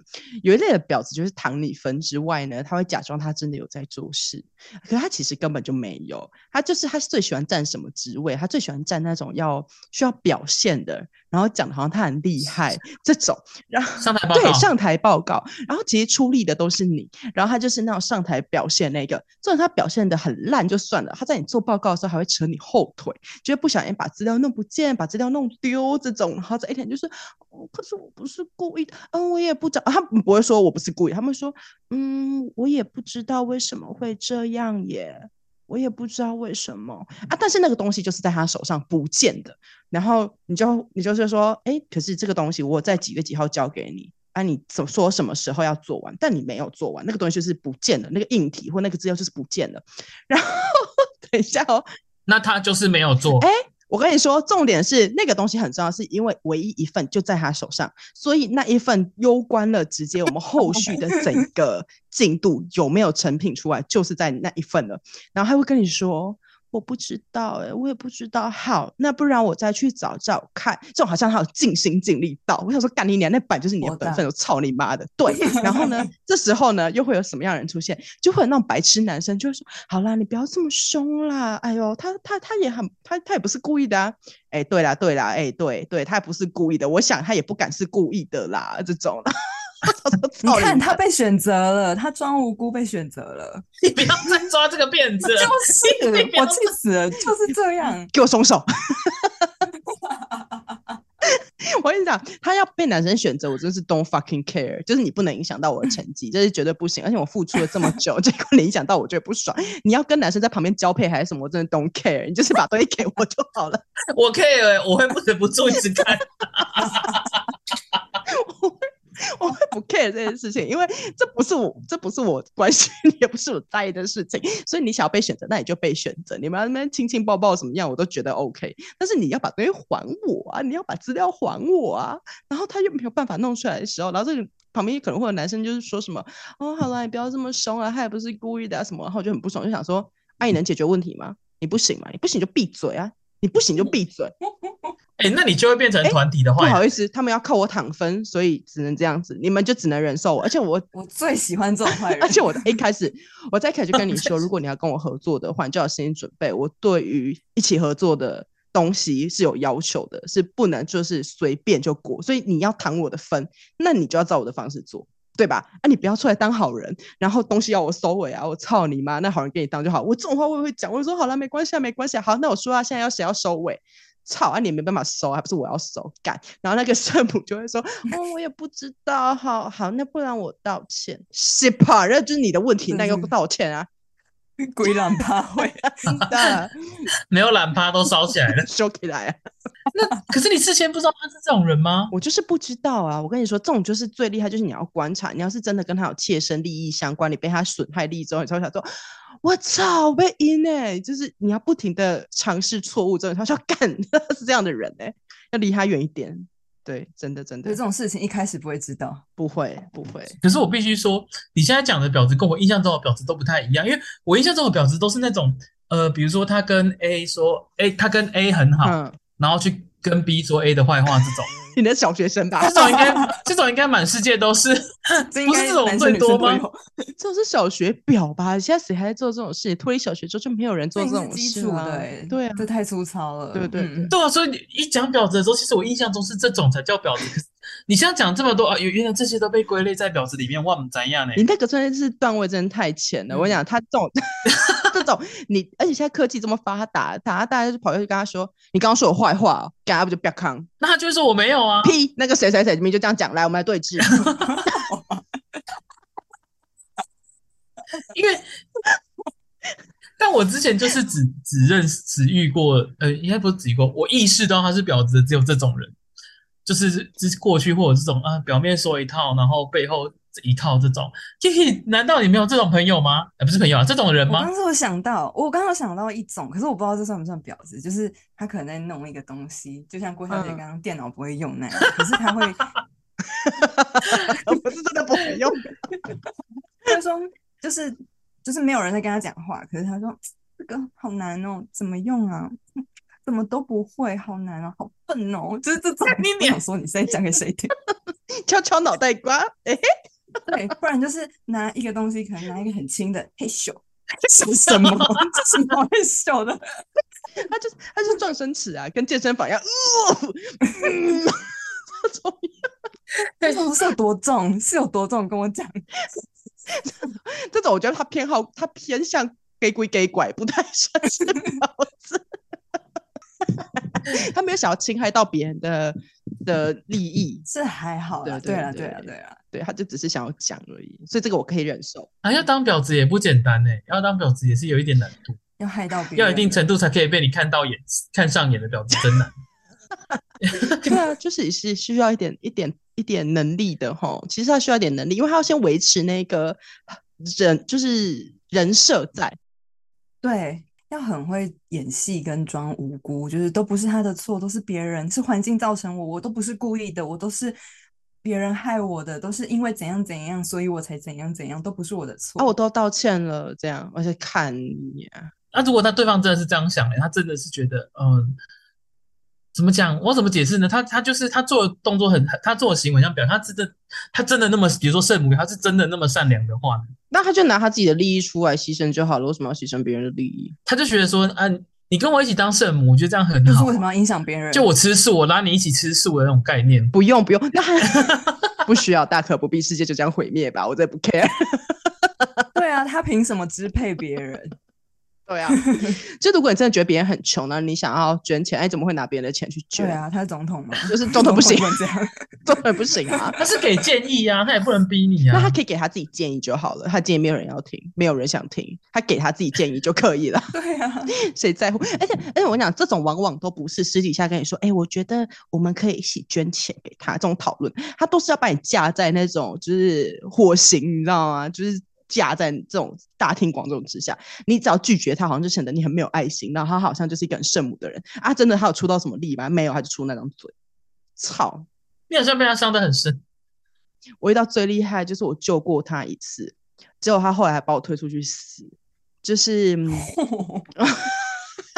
有一類的婊子就是躺你分之外呢，他會假裝他真的有在做事，可他其實根本就沒有。他就是他最喜歡占什麼職位，他最喜歡占那種要需要表現的，然後講的好像他很厲害 這種，然後上台報告，對，上台報告，然後其實出力的都是你，然後他就是那種上台表現那個，就是他表現的很爛就算了，他在你做報告的時候還會扯你後腿，就是不小心把資料弄不見。把資料弄丟這種，然後再一點就是、哦，可是我不是故意，的，嗯、呃，我也不知道、啊，他不會說我不是故意，他們說，嗯，我也不知道為什麼會這樣耶，我也不知道為什麼啊，但是那個東西就是在他手上不見的，然後你就你就是說，哎，可是這個東西我在幾月幾號交給你，啊？你怎麼說什麼時候要做完，但你沒有做完，那個東西就是不見的，那個硬體或那個資料就是不見的。然後 等一下哦，那他就是沒有做，哎。我跟你說，重點是那個東西很重要，是因為唯一一份就在他手上，所以那一份攸關了直接我們後續的整個進度 有沒有成品出來，就是在那一份了。然後他會跟你說。我不知道哎、欸，我也不知道。好，那不然我再去找找看。這種好像他有盡心盡力到，我想說，幹你娘，那本就是你的本分。我操的你媽的，對。然後呢， 這時候呢，又會有什麼樣的人出現？就會有那種白痴男生，就會說：好啦，你不要這麼兇啦。哎呦，他他他也很，他他也不是故意的啊。哎、欸，對啦，對啦，哎、欸、對對，他也不是故意的。我想他也不敢是故意的啦，這種。 你看他被選擇了，他裝無辜被選擇了。 你不要再抓這個辮子了， 就是我氣死了，就是這樣。 給我鬆鬆手 我跟你講，他要被男生選擇，我真的是 don't fucking care，就是你不能影響到我的成績，這是絕對不行。而且我付出了這麼久，結果你影響到我，覺得不爽。你要跟男生在旁邊交配還是什麼？真的 don't care，你就是把東西給我就好了。 我可以，我會忍不，不住一直看。 我會不 care 這件事情，因為這不是我，這不是我關心，也不是我在意的事情。所以你想要被選擇，那你就被選擇。你們那邊親親抱抱怎麼樣，我都覺得 OK。但是你要把東西還我啊，你要把資料還我啊。然後他又沒有辦法弄出來的時候，然後這個旁邊可能會有男生就是說什麼，哦，好啦，你不要這麼兇啊，他也不是故意的、啊、什麼，然後就很不爽，就想說，愛、啊、你能解決問題嗎？你不行嗎，你不行就閉嘴啊。你不行就閉嘴，哎、嗯、欸，那你就會變成團體的壞人、欸。不好意思，他們要靠我躺分，所以只能這樣子。你們就只能忍受我，而且我我最喜歡這種壞人。 而且我一開始，我再一開始就跟你說， 如果你要跟我合作的話，你就要先準備。我對於一起合作的東西是有要求的，是不能就是隨便就過。所以你要躺我的分，那你就要照我的方式做。對吧？啊，你不要出來當好人，然後東西要我收尾啊！我操你媽！那好人給你當就好。我這種話我也會講，我說好了，沒關係啊，沒關係啊。好，那我說啊，現在要誰要收尾？操！啊、你沒辦法收、啊，還不是我要收，幹。然後那個聖母就會說：“ 哦，我也不知道，好好，那不然我道歉，shit，那就是你的問題，那個不道歉啊。嗯”鬼懶趴會啊！ 啊 沒有懶趴都燒起來了，燒起來。那 可是你事先不知道他是這種人嗎？我就是不知道啊！我跟你說，這種就是最厲害，就是你要觀察。你要是真的跟他有切身利益相關，你被他損害利益之後，你才會想說：“我操，被陰嘞！”就是你要不停的嘗試錯誤之後，他說：“幹，是這樣的人嘞，欸，要離他遠一點。”對，真的真的，就這種事情一開始不會知道，不會不會。可是我必須說，你現在講的婊子跟我印象中的婊子都不太一樣，因為我印象中的婊子都是那種，呃，比如說他跟 A 說，誒，他跟 A 很好，嗯、然後去。跟 B 說 A 的壞話這種， 你的小學生吧？這種應該，這種應該滿世界都是， 不是這種最多嗎？這， 這種是小學婊吧？現在誰還在做這種事？脫離小學之後就沒有人做這種事了。啊。這是基、欸、對、啊，這太粗糙了，對不對對、嗯、對啊！所以你一講婊子的時候，其實我印象中是這種才叫婊子。 你現在講這麼多啊？原來這些都被歸類在婊子裡面，我怎麼怎樣呢？你那個算是段位，真的太淺了。嗯、我跟你講他這種， 這種你，而且現在科技這麼發達，大家大家就跑過去跟他說：“你剛剛說我壞話哦。”大家不就不要康？那他就說我沒有啊？屁那個誰誰誰咪就這樣講來，我們來對峙。因為，但我之前就是只只認識只遇過，呃，應該不是只遇過，我意識到他是婊子只有這種人。就是就是過去或者這種啊，表面說一套，然後背後這一套這種。就是，難道你沒有這種朋友嗎？啊、哎，不是朋友啊，這種人嗎？我剛才我想到，我剛有想到一種，可是我不知道這算不算婊子，就是他可能在弄一個東西，就像郭小姐剛剛、嗯、電腦不會用那樣，可是他會，我 不是真的不會用。 他說，就是就是沒有人在跟他講話，可是他說，這個好難哦，怎麼用啊？怎麼都不會，好難哦，好笨哦，就是這種。你想說你現在講給誰聽？敲敲腦袋瓜。哎，對，不然就是拿一個東西，可能拿一個很輕的，嘿咻，咻什麼？這是什麼？嘿咻的？他就他就撞身尺啊，跟健身房一樣。哦，哈哈。對，是有多重？是有多重？跟我講，這種我覺得它偏好，它偏向給鬼給拐，不太像是腦子。 他沒有想要侵害到別人的，的利益，這、嗯、還好啦。對，對，對，對啊，對啊，對啊，對啊，對，他就只是想要講而已，所以這個我可以忍受。啊，要當婊子也不簡單呢、欸。要當婊子也是有一點難度， 要害到別人，要一定程度才可以被你看到眼 看上眼的婊子真難。 對啊，就是也是需要一點一點一點能力的齁。其實他需要一點能力，因為他要先維持那個人就是人設在對。要很會演戲跟裝無辜，就是都不是他的錯，都是別人，是環境造成我，我都不是故意的，我都是別人害我的，都是因為怎樣怎樣，所以我才怎樣怎樣，都不是我的錯，啊，我都要道歉了。這樣，而且看你，啊，那，啊，如果他對方真的是這樣想的，他真的是覺得，嗯。怎麼講？我怎麼解釋呢？他他就是他做的動作很他做的行為，上表他真的他真的那麼，比如說聖母，他是真的那麼善良的話呢，那他就拿他自己的利益出來犧牲就好了，為什麼要犧牲別人的利益？他就覺得說啊，你跟我一起當聖母，我覺得這樣很好。你是為什麼要影響別人？就我吃素，我拉你一起吃素的那種概念。不用不用，那還 不需要，大可不必，世界就這樣毀滅吧，我再不 care。 對啊，他憑什麼支配別人？對啊，就如果你真的覺得別人很窮呢、啊，你想要捐錢，哎，怎麼會拿別人的錢去捐？對啊，他是總統嘛，就是總統不行，這樣總統不行啊。他 是給建議啊，他也不能逼你啊，那他可以給他自己建議就好了。他建議沒有人要聽，沒有人想聽，他給他自己建議就可以了。對啊，誰在乎？而且而且我跟你講這種往往都不是私底下跟你說，哎、欸，我覺得我們可以一起捐錢給他。這種討論，他都是要把你架在那種就是火刑，你知道嗎？就是。架在這種大庭廣眾之下，你只要拒絕他，好像就顯得你很沒有愛心。然後他好像就是一個很聖母的人啊！真的，他有出到什麼力嗎？沒有，他就出那張嘴。操，你好像被他傷得很深。我遇到最厲害就是我救過他一次，結果他後來還把我推出去死，就是。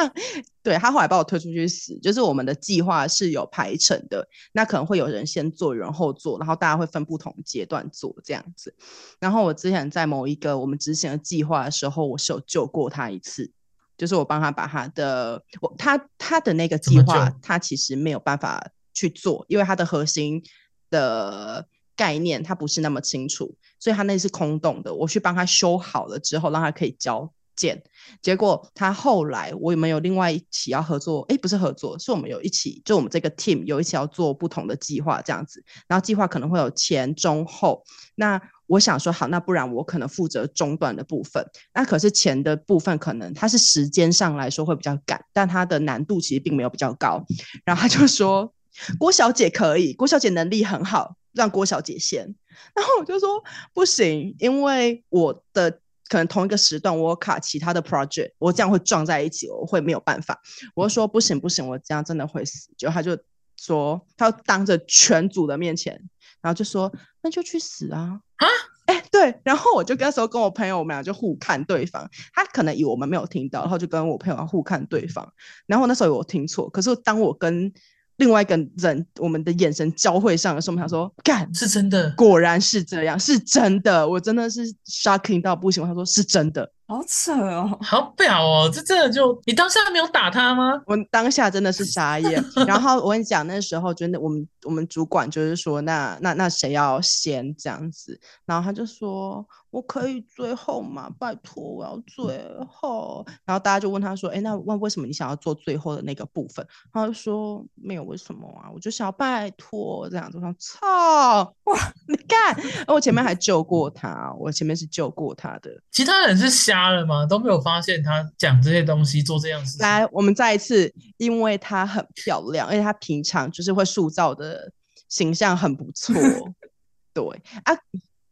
對，他後來把我推出去死，就是我們的計劃是有排程的，那可能會有人先做，有人後做，然後大家會分不同階段做，這樣子。然後我之前在某一個我們執行的計劃的時候，我是有救過他一次，就是我幫他把他的我他他的那個計劃，他其實沒有辦法去做，因為他的核心的概念他不是那麼清楚，所以他那是空洞的。我去幫他修好了之後，讓他可以教。見，結果他後來我們有另外一起要合作，哎，不是合作，是我們有一起，就我們這個 team 有一起要做不同的計劃這樣子，然後計劃可能會有前中後，那我想說好，那不然我可能負責中段的部分，那可是前的部分可能它是時間上來說會比較趕，但它的難度其實並沒有比較高，然後他就說郭小姐可以，郭小姐能力很好，讓郭小姐先，然後我就說不行，因為我的。可能同一個時段我卡其他的 project，我這樣會撞在一起，我會沒有辦法。我說不行不行，我這樣真的會死。就他就說，他要當着全組的面前，然後就說那就去死啊啊！哎蛤、欸、對，然後我就那時候跟我朋友，我們倆就互看對方。他可能以為我們沒有聽到，然後就跟我朋友互看對方。然後那時候我聽錯，可是當我跟另外一個人，我們的眼神交匯上的時候，我們想說，幹，是真的，果然是這樣，是真的，我真的是 shocking 到不行。他說，是真的。好扯哦，好婊哦，這真的就你當下沒有打他嗎？我當下真的是傻眼。 然後我跟你講，那時候真的，我們我們主管就是說那，那那那誰要先這樣子？然後他就說，我可以最後嘛，拜托我要最後。然後大家就問他說，哎、欸，那問為什麼你想要做最後的那個部分？他就說沒有為什麼啊，我就想要拜托這樣子。我想說操哇，你看， 我前面還救過他，我前面是救過他的，其他人是想。家了嗎？都沒有發現他講這些東西，做這樣子。來，我們再一次，因為她很漂亮，而且她平常就是會塑造的形象很不錯。 對啊，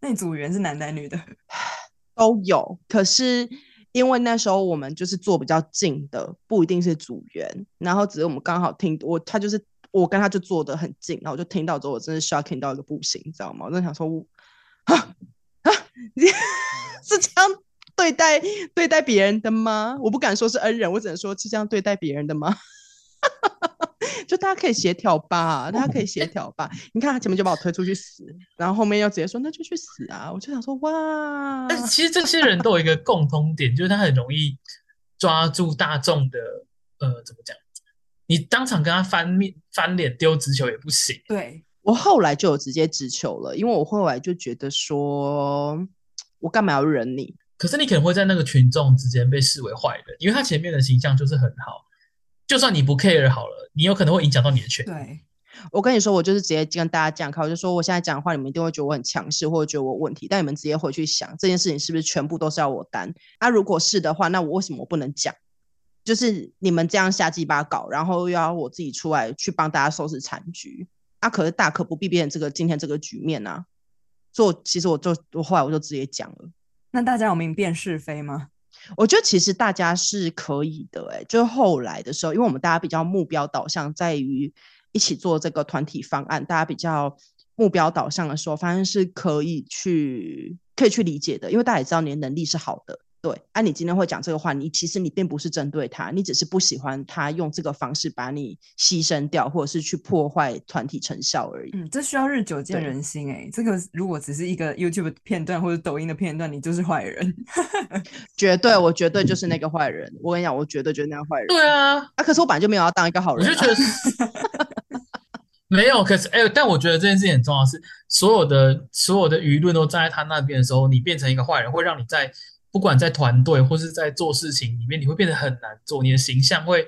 那組員是男，男女的，女的都有。可是因為那時候我們就是坐比較近的，不一定是組員。然後只是我們剛好聽我，他就是我跟他就坐得很近，然後我就聽到之後，我真的 shocking 到一個不行，你知道嗎？我真的想說， 是這樣對待對待別人的嗎？我不敢說是恩人，我只能說是這樣對待別人的嗎？ 就大家可以協調吧，大家可以協調吧。你看他前面就把我推出去死，然後後面又直接說那就去死啊！我就想說哇，但是其實這些人都有一個共通點， 就是他很容易抓住大眾的呃，怎麼講？你當場跟他翻面翻臉丟直球也不行。對，我後來就有直接直球了，因為我後來就覺得說，我干嘛要忍你？可是你可能會在那個群眾之間被視為壞的，因為他前面的形象就是很好，就算你不 care 好了，你有可能會影響到你的權利。對，我跟你說，我就是直接跟大家講開，我就說我現在講的話，你們一定會覺得我很強勢，或者覺得我有問題。但你們直接回去想這件事情是不是全部都是要我擔？那、啊、如果是的話，那我為什麼我不能講？就是你們這樣瞎雞巴搞，然後要我自己出來去幫大家收拾殘局，那、啊、可是大可不必變成這個今天這個局面啊！所以其實我就我後來我就直接講了。那大家有明辨是非嗎？我覺得其實大家是可以的、欸，哎，就是後來的時候，因為我們大家比較目標導向，在於一起做這個團體方案，大家比較目標導向的時候，反正是可以去可以去理解的，因為大家也知道你的能力是好的。對，哎、啊，你今天會講這個話，你其實你並不是針對他，你只是不喜歡他用這個方式把你犧牲掉，或者是去破壞團體成效而已。嗯，這需要日久見人心哎、欸。對這個如果只是一個 YouTube 片段或者抖音的片段，你就是壞人， 絕對，我絕對就是那個壞人。我跟你講，我絕對就是那個壞人。對啊，啊，可是我本來就沒有要當一個好人、啊，我 沒有。可是、欸、但我覺得這件事情很重要，是所有的所有的輿論都站在他那邊的時候，你變成一個壞人，會讓你在。不管在團隊或是在做事情裡面，你會變得很難做，你的形象會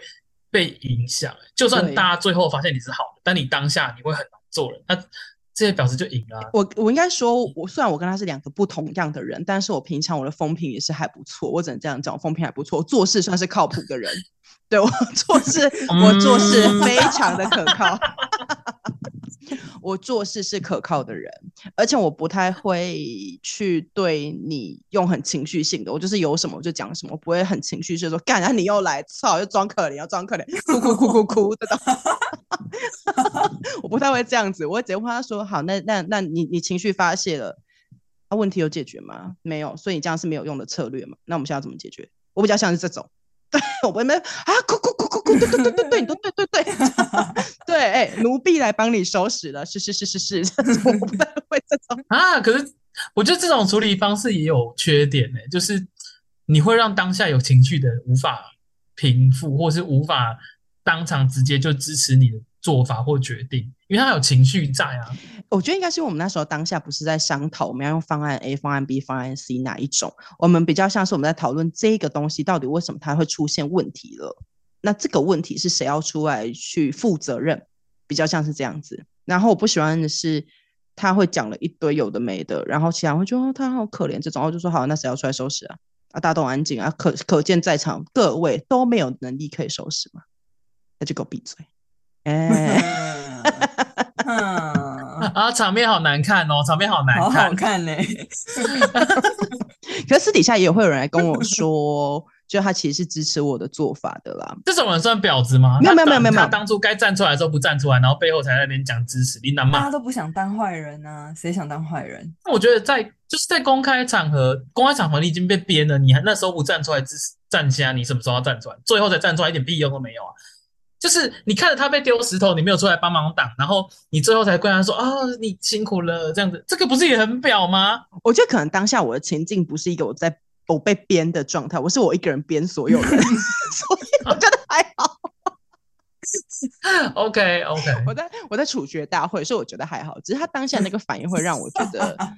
被影響。就算大家最後發現你是好的，啊、但你當下你會很難做人。那這些表示就贏了、啊。我我應該說，我雖然我跟他是兩個不同樣的人，但是我平常我的風評也是還不錯。我只能這樣講，我風評還不錯，做事算是靠譜的人。 對，我做事，我做事非常的可靠。嗯 我做事是可靠的人，而且我不太會去對你用很情緒性的，我就是有什麼我就講什麼，我不會很情緒，就說幹，然、啊、後你又來操，又裝可憐，要裝可憐，哭哭哭哭哭，哭這種，我不太會這樣子，我會直接問他說，好，那那那你你情緒發洩了，那、啊、問題有解決嗎？沒有，所以你這樣是沒有用的策略嘛，那我們現在要怎麼解決？我比較像是這種。 我們啊，哭哭哭哭哭，對對對對對，你都對對對對，哎、欸，奴婢來幫你收拾了，是是是是是，是我怎麼會這種啊？可是我覺得這種處理方式也有缺點呢、欸，就是你會讓當下有情緒的人無法平復，或是無法當場直接就支持你的做法或決定。因為他有情緒在啊，我覺得應該是我們那時候當下不是在商討我們要用方案 A、方案 B、方案 C 哪一種，我們比較像是我們在討論這個東西到底為什麼它會出現問題了。那這個問題是誰要出來去負責任？比較像是這樣子。然後我不喜歡的是他會講了一堆有的沒的，然後其他人會覺得他好可憐這種，然後就說好，那誰要出來收拾啊？啊，大家都安靜啊！可可見在場各位都沒有能力可以收拾嘛？那就給我閉嘴！哎。 啊，場面好難看哦，場面好難看，好好看呢、欸。 可是私底下也會有人來跟我說， 就他其實是支持我的做法的啦。這種人算婊子嗎？沒有沒有沒有，沒有，沒有他，他當初該站出來的時候不站出來，然後背後才在那邊講支持你，難嗎？他都不想當壞人啊，誰想當壞人？那我覺得在就是在公開場合，公開場合你已經被編了，你還那時候不站出來支持站起來，你什麼時候要站出來？最後才站出來一點屁用都沒有啊！就是你看着他被丟石頭，你沒有出來幫忙擋，然後你最後才跟他說啊、哦，你辛苦了這樣子，這個不是也很婊嗎？我覺得可能當下我的情境不是一個我在我被編的狀態，我是我一個人編所有人， 所以我覺得還好。啊、 OK OK，我在我在處決大會，所以我覺得還好。只是他當下那個反應會讓我覺得， 啊、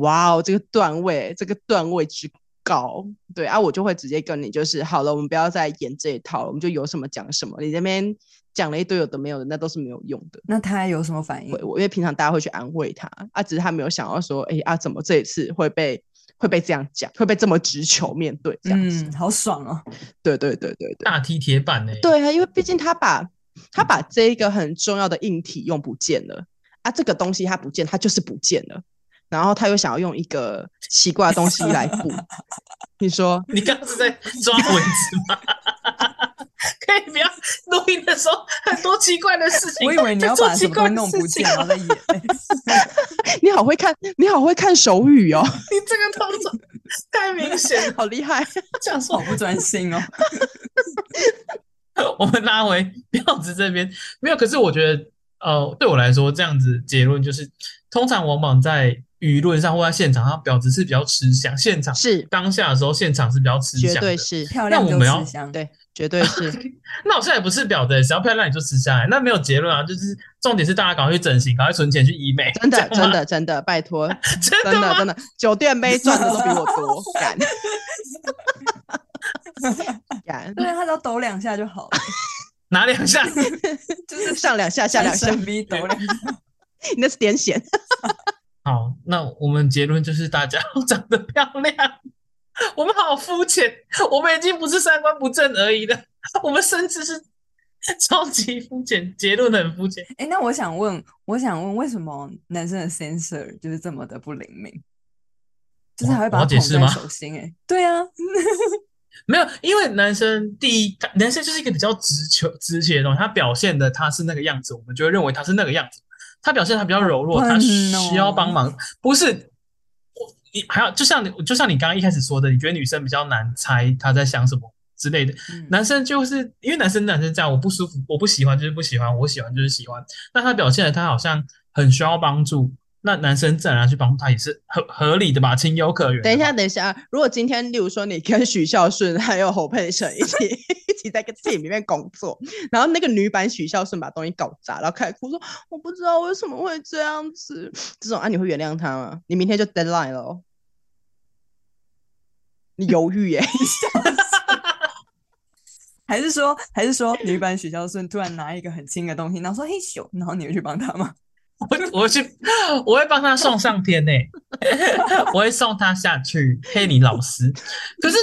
哇哦，這個段位，這個段位之。高對啊，我就會直接跟你，就是好了，我們不要再演這一套了，我們就有什麼講什麼。你這邊講了一堆有的沒有的，那都是沒有用的。那他還有什麼反應？我因為平常大家會去安慰他啊，只是他沒有想到說，哎、欸、啊，怎麼這一次會被會被這樣講，會被這麼直球面對這樣子、嗯、好爽啊！對對對對對，大踢鐵板誒、欸！對啊，因為畢竟他把他把這一個很重要的硬體用不見了、嗯、啊，這個東西它不見，它就是不見了。然後他又想要用一個奇怪的東西來補， 你說你剛剛是在抓蚊子嗎？ 可以不要錄音的時候很多奇怪的事情、的事情，我以為你要把什麼都弄不見了。 你好會看，你好會看手語哦！ 你這個動作太明顯，好厲害！這樣子好不專心哦。我們拉回婊子這邊沒有，可是我覺得呃，對我來說這樣子結論就是，通常往往在。輿論上或在現場婊子是比較吃香。現場是當下的時候，現場是比較吃香，絕對是漂亮就吃香。對，絕對是。那我現在也不是婊子，只要漂亮你就吃香。那沒有結論啊，就是重點是大家趕快去整形，趕快存錢去醫美。真的，真的，真的，拜托，真的真的，酒店妹賺的都比我多。幹，對，他只要抖兩下就好了。哪兩下？就是上兩下，下兩下，V 抖兩下。你那是點險。好，那我們結論就是大家都長得漂亮， 我們好膚淺，我們已經不是三觀不正而已了，我們甚至是超級膚淺，結論很膚淺。哎、欸，那我想問，我想問，為什麼男生的 sensor 就是這麼的不靈敏？就是還會把他捧在、欸、我解釋嗎？手心，哎，對啊， 沒有，因為男生第一，男生就是一個比較直球、直切的東西，他表現的他是那個樣子，我們就會認為他是那個樣子。他表現他比較柔弱，他需要幫忙。不是，我你還有就，就像你就像你剛剛一開始說的，你覺得女生比較難猜他在想什麼之類的。嗯、男生就是因為男生男生這樣，我不舒服，我不喜歡就是不喜歡，我喜歡就是喜歡。那他表現的他好像很需要幫助。那男生自然去幫他也是合合理的吧，情有可原。等一下，等一下，如果今天，例如說你跟許孝順還有侯佩岑一起一起在個 team 裡面工作， 然後那個女版許孝順把東西搞砸，然後開始哭說我不知道為什麼會這樣子，這種啊你會原諒他嗎？你明天就 deadline 了。喔，你猶豫耶，欸？ 還是說，還是說女版許孝順突然拿一個很輕的東西，然後說嘿咻，然後你會去幫他嗎？我我去，我會幫他送上天呢、欸， 我會送他下去。黑你老師，可是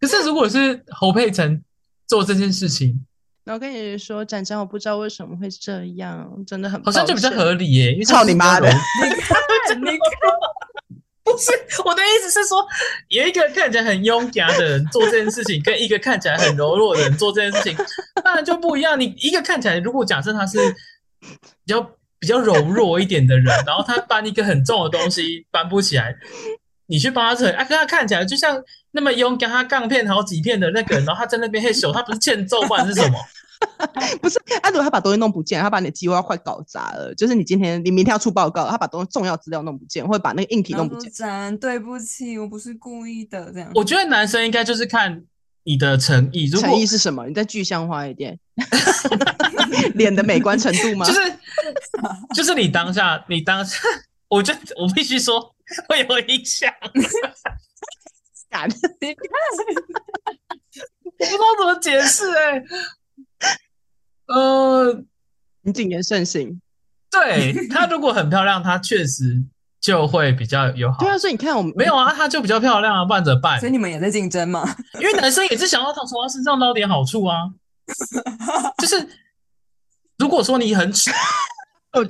可是如果是侯佩岑做這件事情，那我跟你說，展展，我不知道為什麼會這樣，真的很好像就比較合理耶、欸。因為操你媽的 你看，你看！不是，我的意思是說，有一個看起來很優雅的人做這件事情，跟一個看起來很柔弱的人做這件事情，當然就不一樣。你一個看起來如果假設他是比較。比較柔弱一點的人，然後他搬一個很重的東西 搬不起來，你去幫他扯，哎、啊，跟他看起來就像那麼勇跟他槓片好幾片的那個人，然後他在那邊黑手，他不是欠揍不然是什麼？ 不是、啊，如果他把東西弄不見，他把你的計劃快搞砸了。就是你今天，你明天要出報告，他把東西重要資料弄不見，或者把那個硬體弄不見。對不起，我不是故意的。這樣，我覺得男生應該就是看。你的誠意，誠意是什麼？你再具象化一點，臉的美觀程度嗎？就是，就是你當下，你當下，我就我必須說，會有影響。我不知道怎麼解釋，哎，呃，你謹言慎行。對，他如果很漂亮，他確實。就會比較友好。對啊，所以你看我們沒有啊，他就比較漂亮啊，不然怎麼辦。所以你們也在競爭嘛。因為男生也是想要從從她身上撈點好處啊。 就是，如果說你很醜，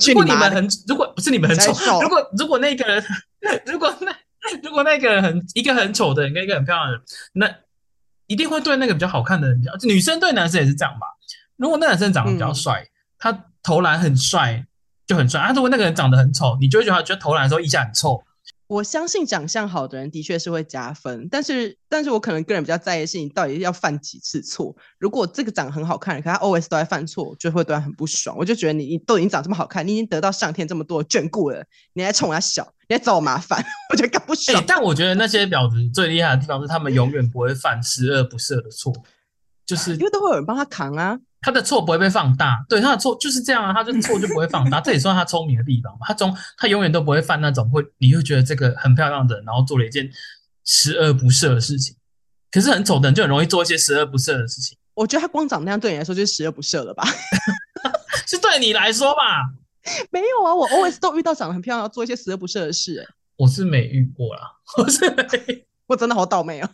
如果你們很，如果不是你們很醜，如果如果那個，如果那如果那個很一個很醜的人，跟一個很漂亮的人，那一定會對那個比較好看的人比較，女生對男生也是這樣吧？如果那男生長得比較帥，嗯、他投籃很帥。就很帥。啊，如果那個人長得很醜，你就會覺得他覺得投籃的時候印象很錯。我相信長相好的人的確是會加分，但是，但是我可能個人比較在意的是你到底要犯幾次錯。如果這個長得很好看，可他 always 都在犯錯，就會對他很不爽。我就覺得你你都已經長這麼好看，你已經得到上天這麼多眷顧了，你還衝我他笑，你還找我麻煩，我覺得不爽、欸。但我覺得那些婊子最厲害的地方是他們永遠不會犯十惡不赦的錯， 就是、啊、因為都會有人幫他扛啊。他的錯不會被放大，對，他的錯就是這樣啊，他就錯就不會放大， 這也算他聰明的地方吧。他總他永遠都不會犯那種會，你會覺得這個很漂亮的人，然後做了一件十惡不赦的事情。可是很醜的人就很容易做一些十惡不赦的事情。我覺得他光長那樣，對你來說就是十惡不赦了吧？是 對你來說吧？ 沒有啊，我 always 都遇到長得很漂亮，要做一些十惡不赦的事，欸。我是沒遇過啦，我是 我真的好倒霉哦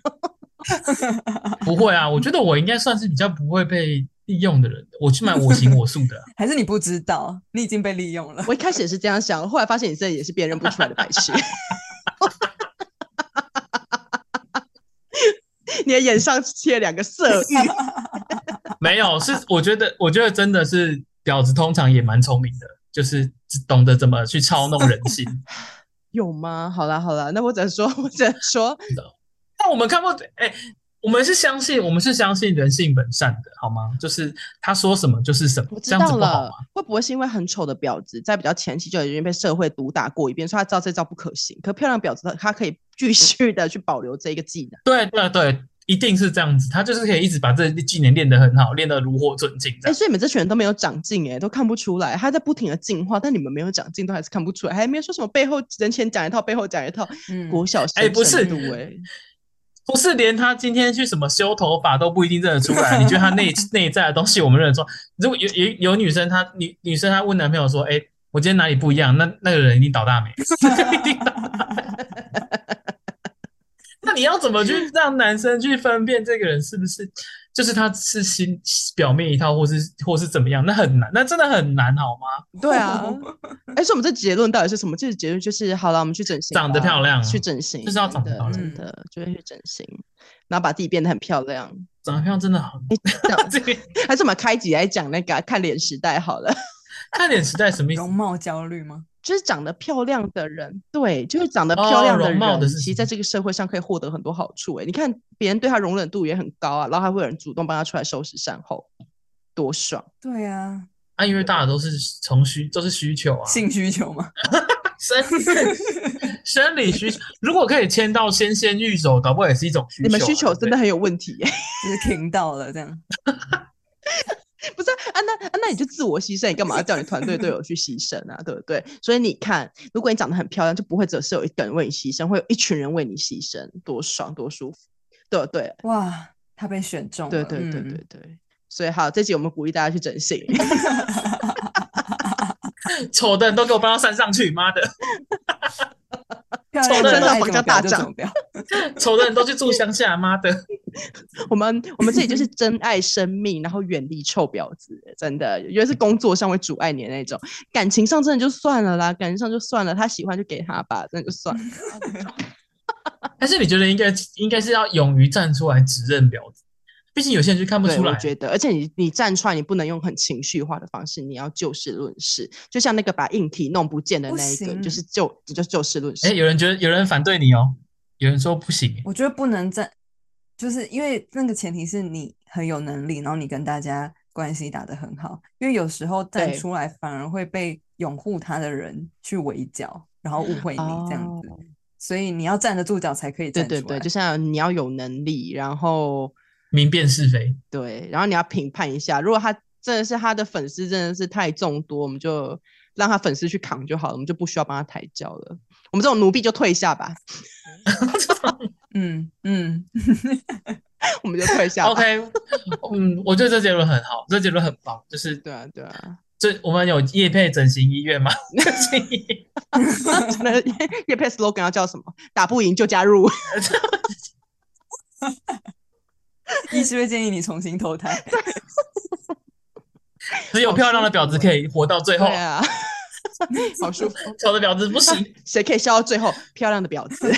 。不會啊，我覺得我應該算是比較不會被。利用的人，我去買我行我素的，啊， 還是你不知道，你已經被利用了。我一開始也是這樣想，後來發現你這也是辨認不出來的白痴。哈哈哈哈哈哈！你的眼上切兩個色慾， 沒有？是我覺得，我覺得真的是婊子，通常也蠻聰明的，就是懂得怎麼去操弄人心。 有嗎？好了好了，那我再說，我再說。那 我們看過，哎、欸。我們是相信，我們是相信人性本善的，好嗎？就是他說什麼就是什麼，我知道了，這樣子不好嗎？會不會是因為很醜的婊子在比較前期就已經被社會毒打過一遍，所以他知道這招不可行。可漂亮婊子他他可以繼續的去保留這一個技能。對對對，一定是這樣子，他就是可以一直把這技能練得很好，練得爐火純青的。哎、欸，所以你們這群人都沒有長進，哎，都看不出來。他在不停的進化，但你們沒有長進，都還是看不出來。還沒有說什麼背後人前講一套，背後講一套，嗯，國小哎、欸欸、不是不是連他今天去什麼修頭髮都不一定認得出來。你覺得他內內在的東西，我們認得出來。如果有有有女生他，她女女生她問男朋友說：“哎、欸，我今天哪裡不一樣？”那那個人一定倒大黴。 那你要怎麼去讓男生去分辨這個人是不是，就是他是心表面一套，或是或是怎麼樣？那很難，那真的很難，好嗎？對啊，哎 欸，所以我們這結論到底是什麼？這、就、個、是、結論就是，好了，我們去整形，長得漂亮、啊，去整形，就是要長得漂亮真的，真的嗯、就會去整形，然後把自己變得很漂亮。長得漂亮真的好，講這個還是我們開集來講那個、啊、看臉時代好了。 看臉時代什麼意思？容貌焦慮嗎？就是長得漂亮的人，對，就是長得漂亮的人，oh, 容貌的其實在這個社會上可以獲得很多好處、欸。哎，你看別人對他容忍度也很高啊，然後還會有人主動幫他出來收拾善後，多爽！對啊，啊因為大家都是從需，都是需求啊，性需求嘛， 生理 生理需求，如果可以牽到纖纖玉手，搞不好也是一種需求、啊？你們需求真的很有問題、欸，就是聽 到了這樣。 不是啊，啊那啊那你就自我犧牲，你幹嘛要叫你團隊隊友去犧牲啊， 對不對？所以你看，如果你長得很漂亮，就不會只是有一個人為你犧牲，會有一群人為你犧牲，多爽多舒服，對不對？哇，他被選中了，對，對對對對對。嗯。所以好，這集我們鼓勵大家去整形， 醜的人都給我搬到山上去，媽的！ 醜的人上房價大漲， 醜的人都去住鄉下。媽 的， 我們我們自己就是珍愛生命，然後遠離臭婊子。真的，因為是工作上會阻礙你的那種，感情上真的就算了啦，感情上就算了，他喜歡就給他吧，那就算了。但 是你覺得應該應該是要勇於站出來指認婊子？畢竟有些人就看不出來，我覺得，而且你你站出來，你不能用很情緒化的方式，你要就事論事。就像那個把硬體弄不見的那一個，行就是就這就就事論事。哎、欸，有人覺得有人反對你哦，有人說不行，我覺得不能站，就是因為那個前提是你很有能力，然後你跟大家關係打得很好。因為有時候站出來反而會被擁護他的人去圍剿，對然後誤會你這樣子，哦、所以你要站得住腳才可以站出來。對對對，就像你要有能力，然後。明辨是非，對，然後你要評判一下，如果他真的是他的粉絲，真的是太眾多，我們就讓他粉絲去扛就好了，我們就不需要幫他抬轎了。我們這種奴婢就退下吧。嗯 嗯，嗯 我們就退下吧。OK，嗯，我覺得這結論很好， 這結論很棒，就是對啊對啊。這我們有業配整形醫院嗎？真的， 業配 slogan 要叫什麼？打不贏就加入。 醫師會建議你重新投胎。只有漂亮的婊子可以活到最後好舒服，喔，醜、啊 服喔、 的婊子不行。誰 可以笑到最後？漂亮的婊子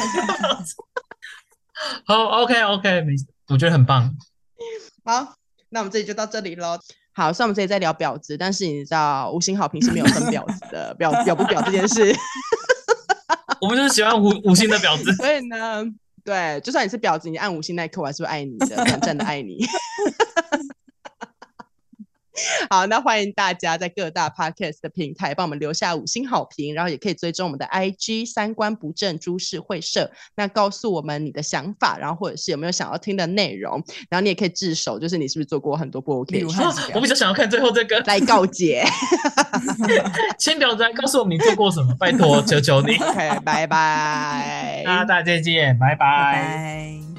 好。好，OK OK，沒，我覺得很棒。好，那我們這裡就到這裡嘍。好，雖然我們這裡在聊婊子，但是你知道，五星好評是沒有分婊子的 婊婊不婊這件事。 我們就是喜歡五星的婊子。 所以呢？對，就算你是婊子，你按五星那一刻，我還是不是愛你的，短暫的愛你。 好，那歡迎大家在各大 podcast 的平台幫我們留下五星好評，然後也可以追蹤我們的 IG 三觀不正株式會社。那告訴我們你的想法，然後或者是有沒有想要聽的內容，然後你也可以自首，就是你是不是做過很多不 OK 的事情？比我比較想要看最後這個 來告解。 千婊子，告訴我們你做過什麼，拜託，求求你 okay, bye bye。拜拜，大家再見，拜拜。Bye bye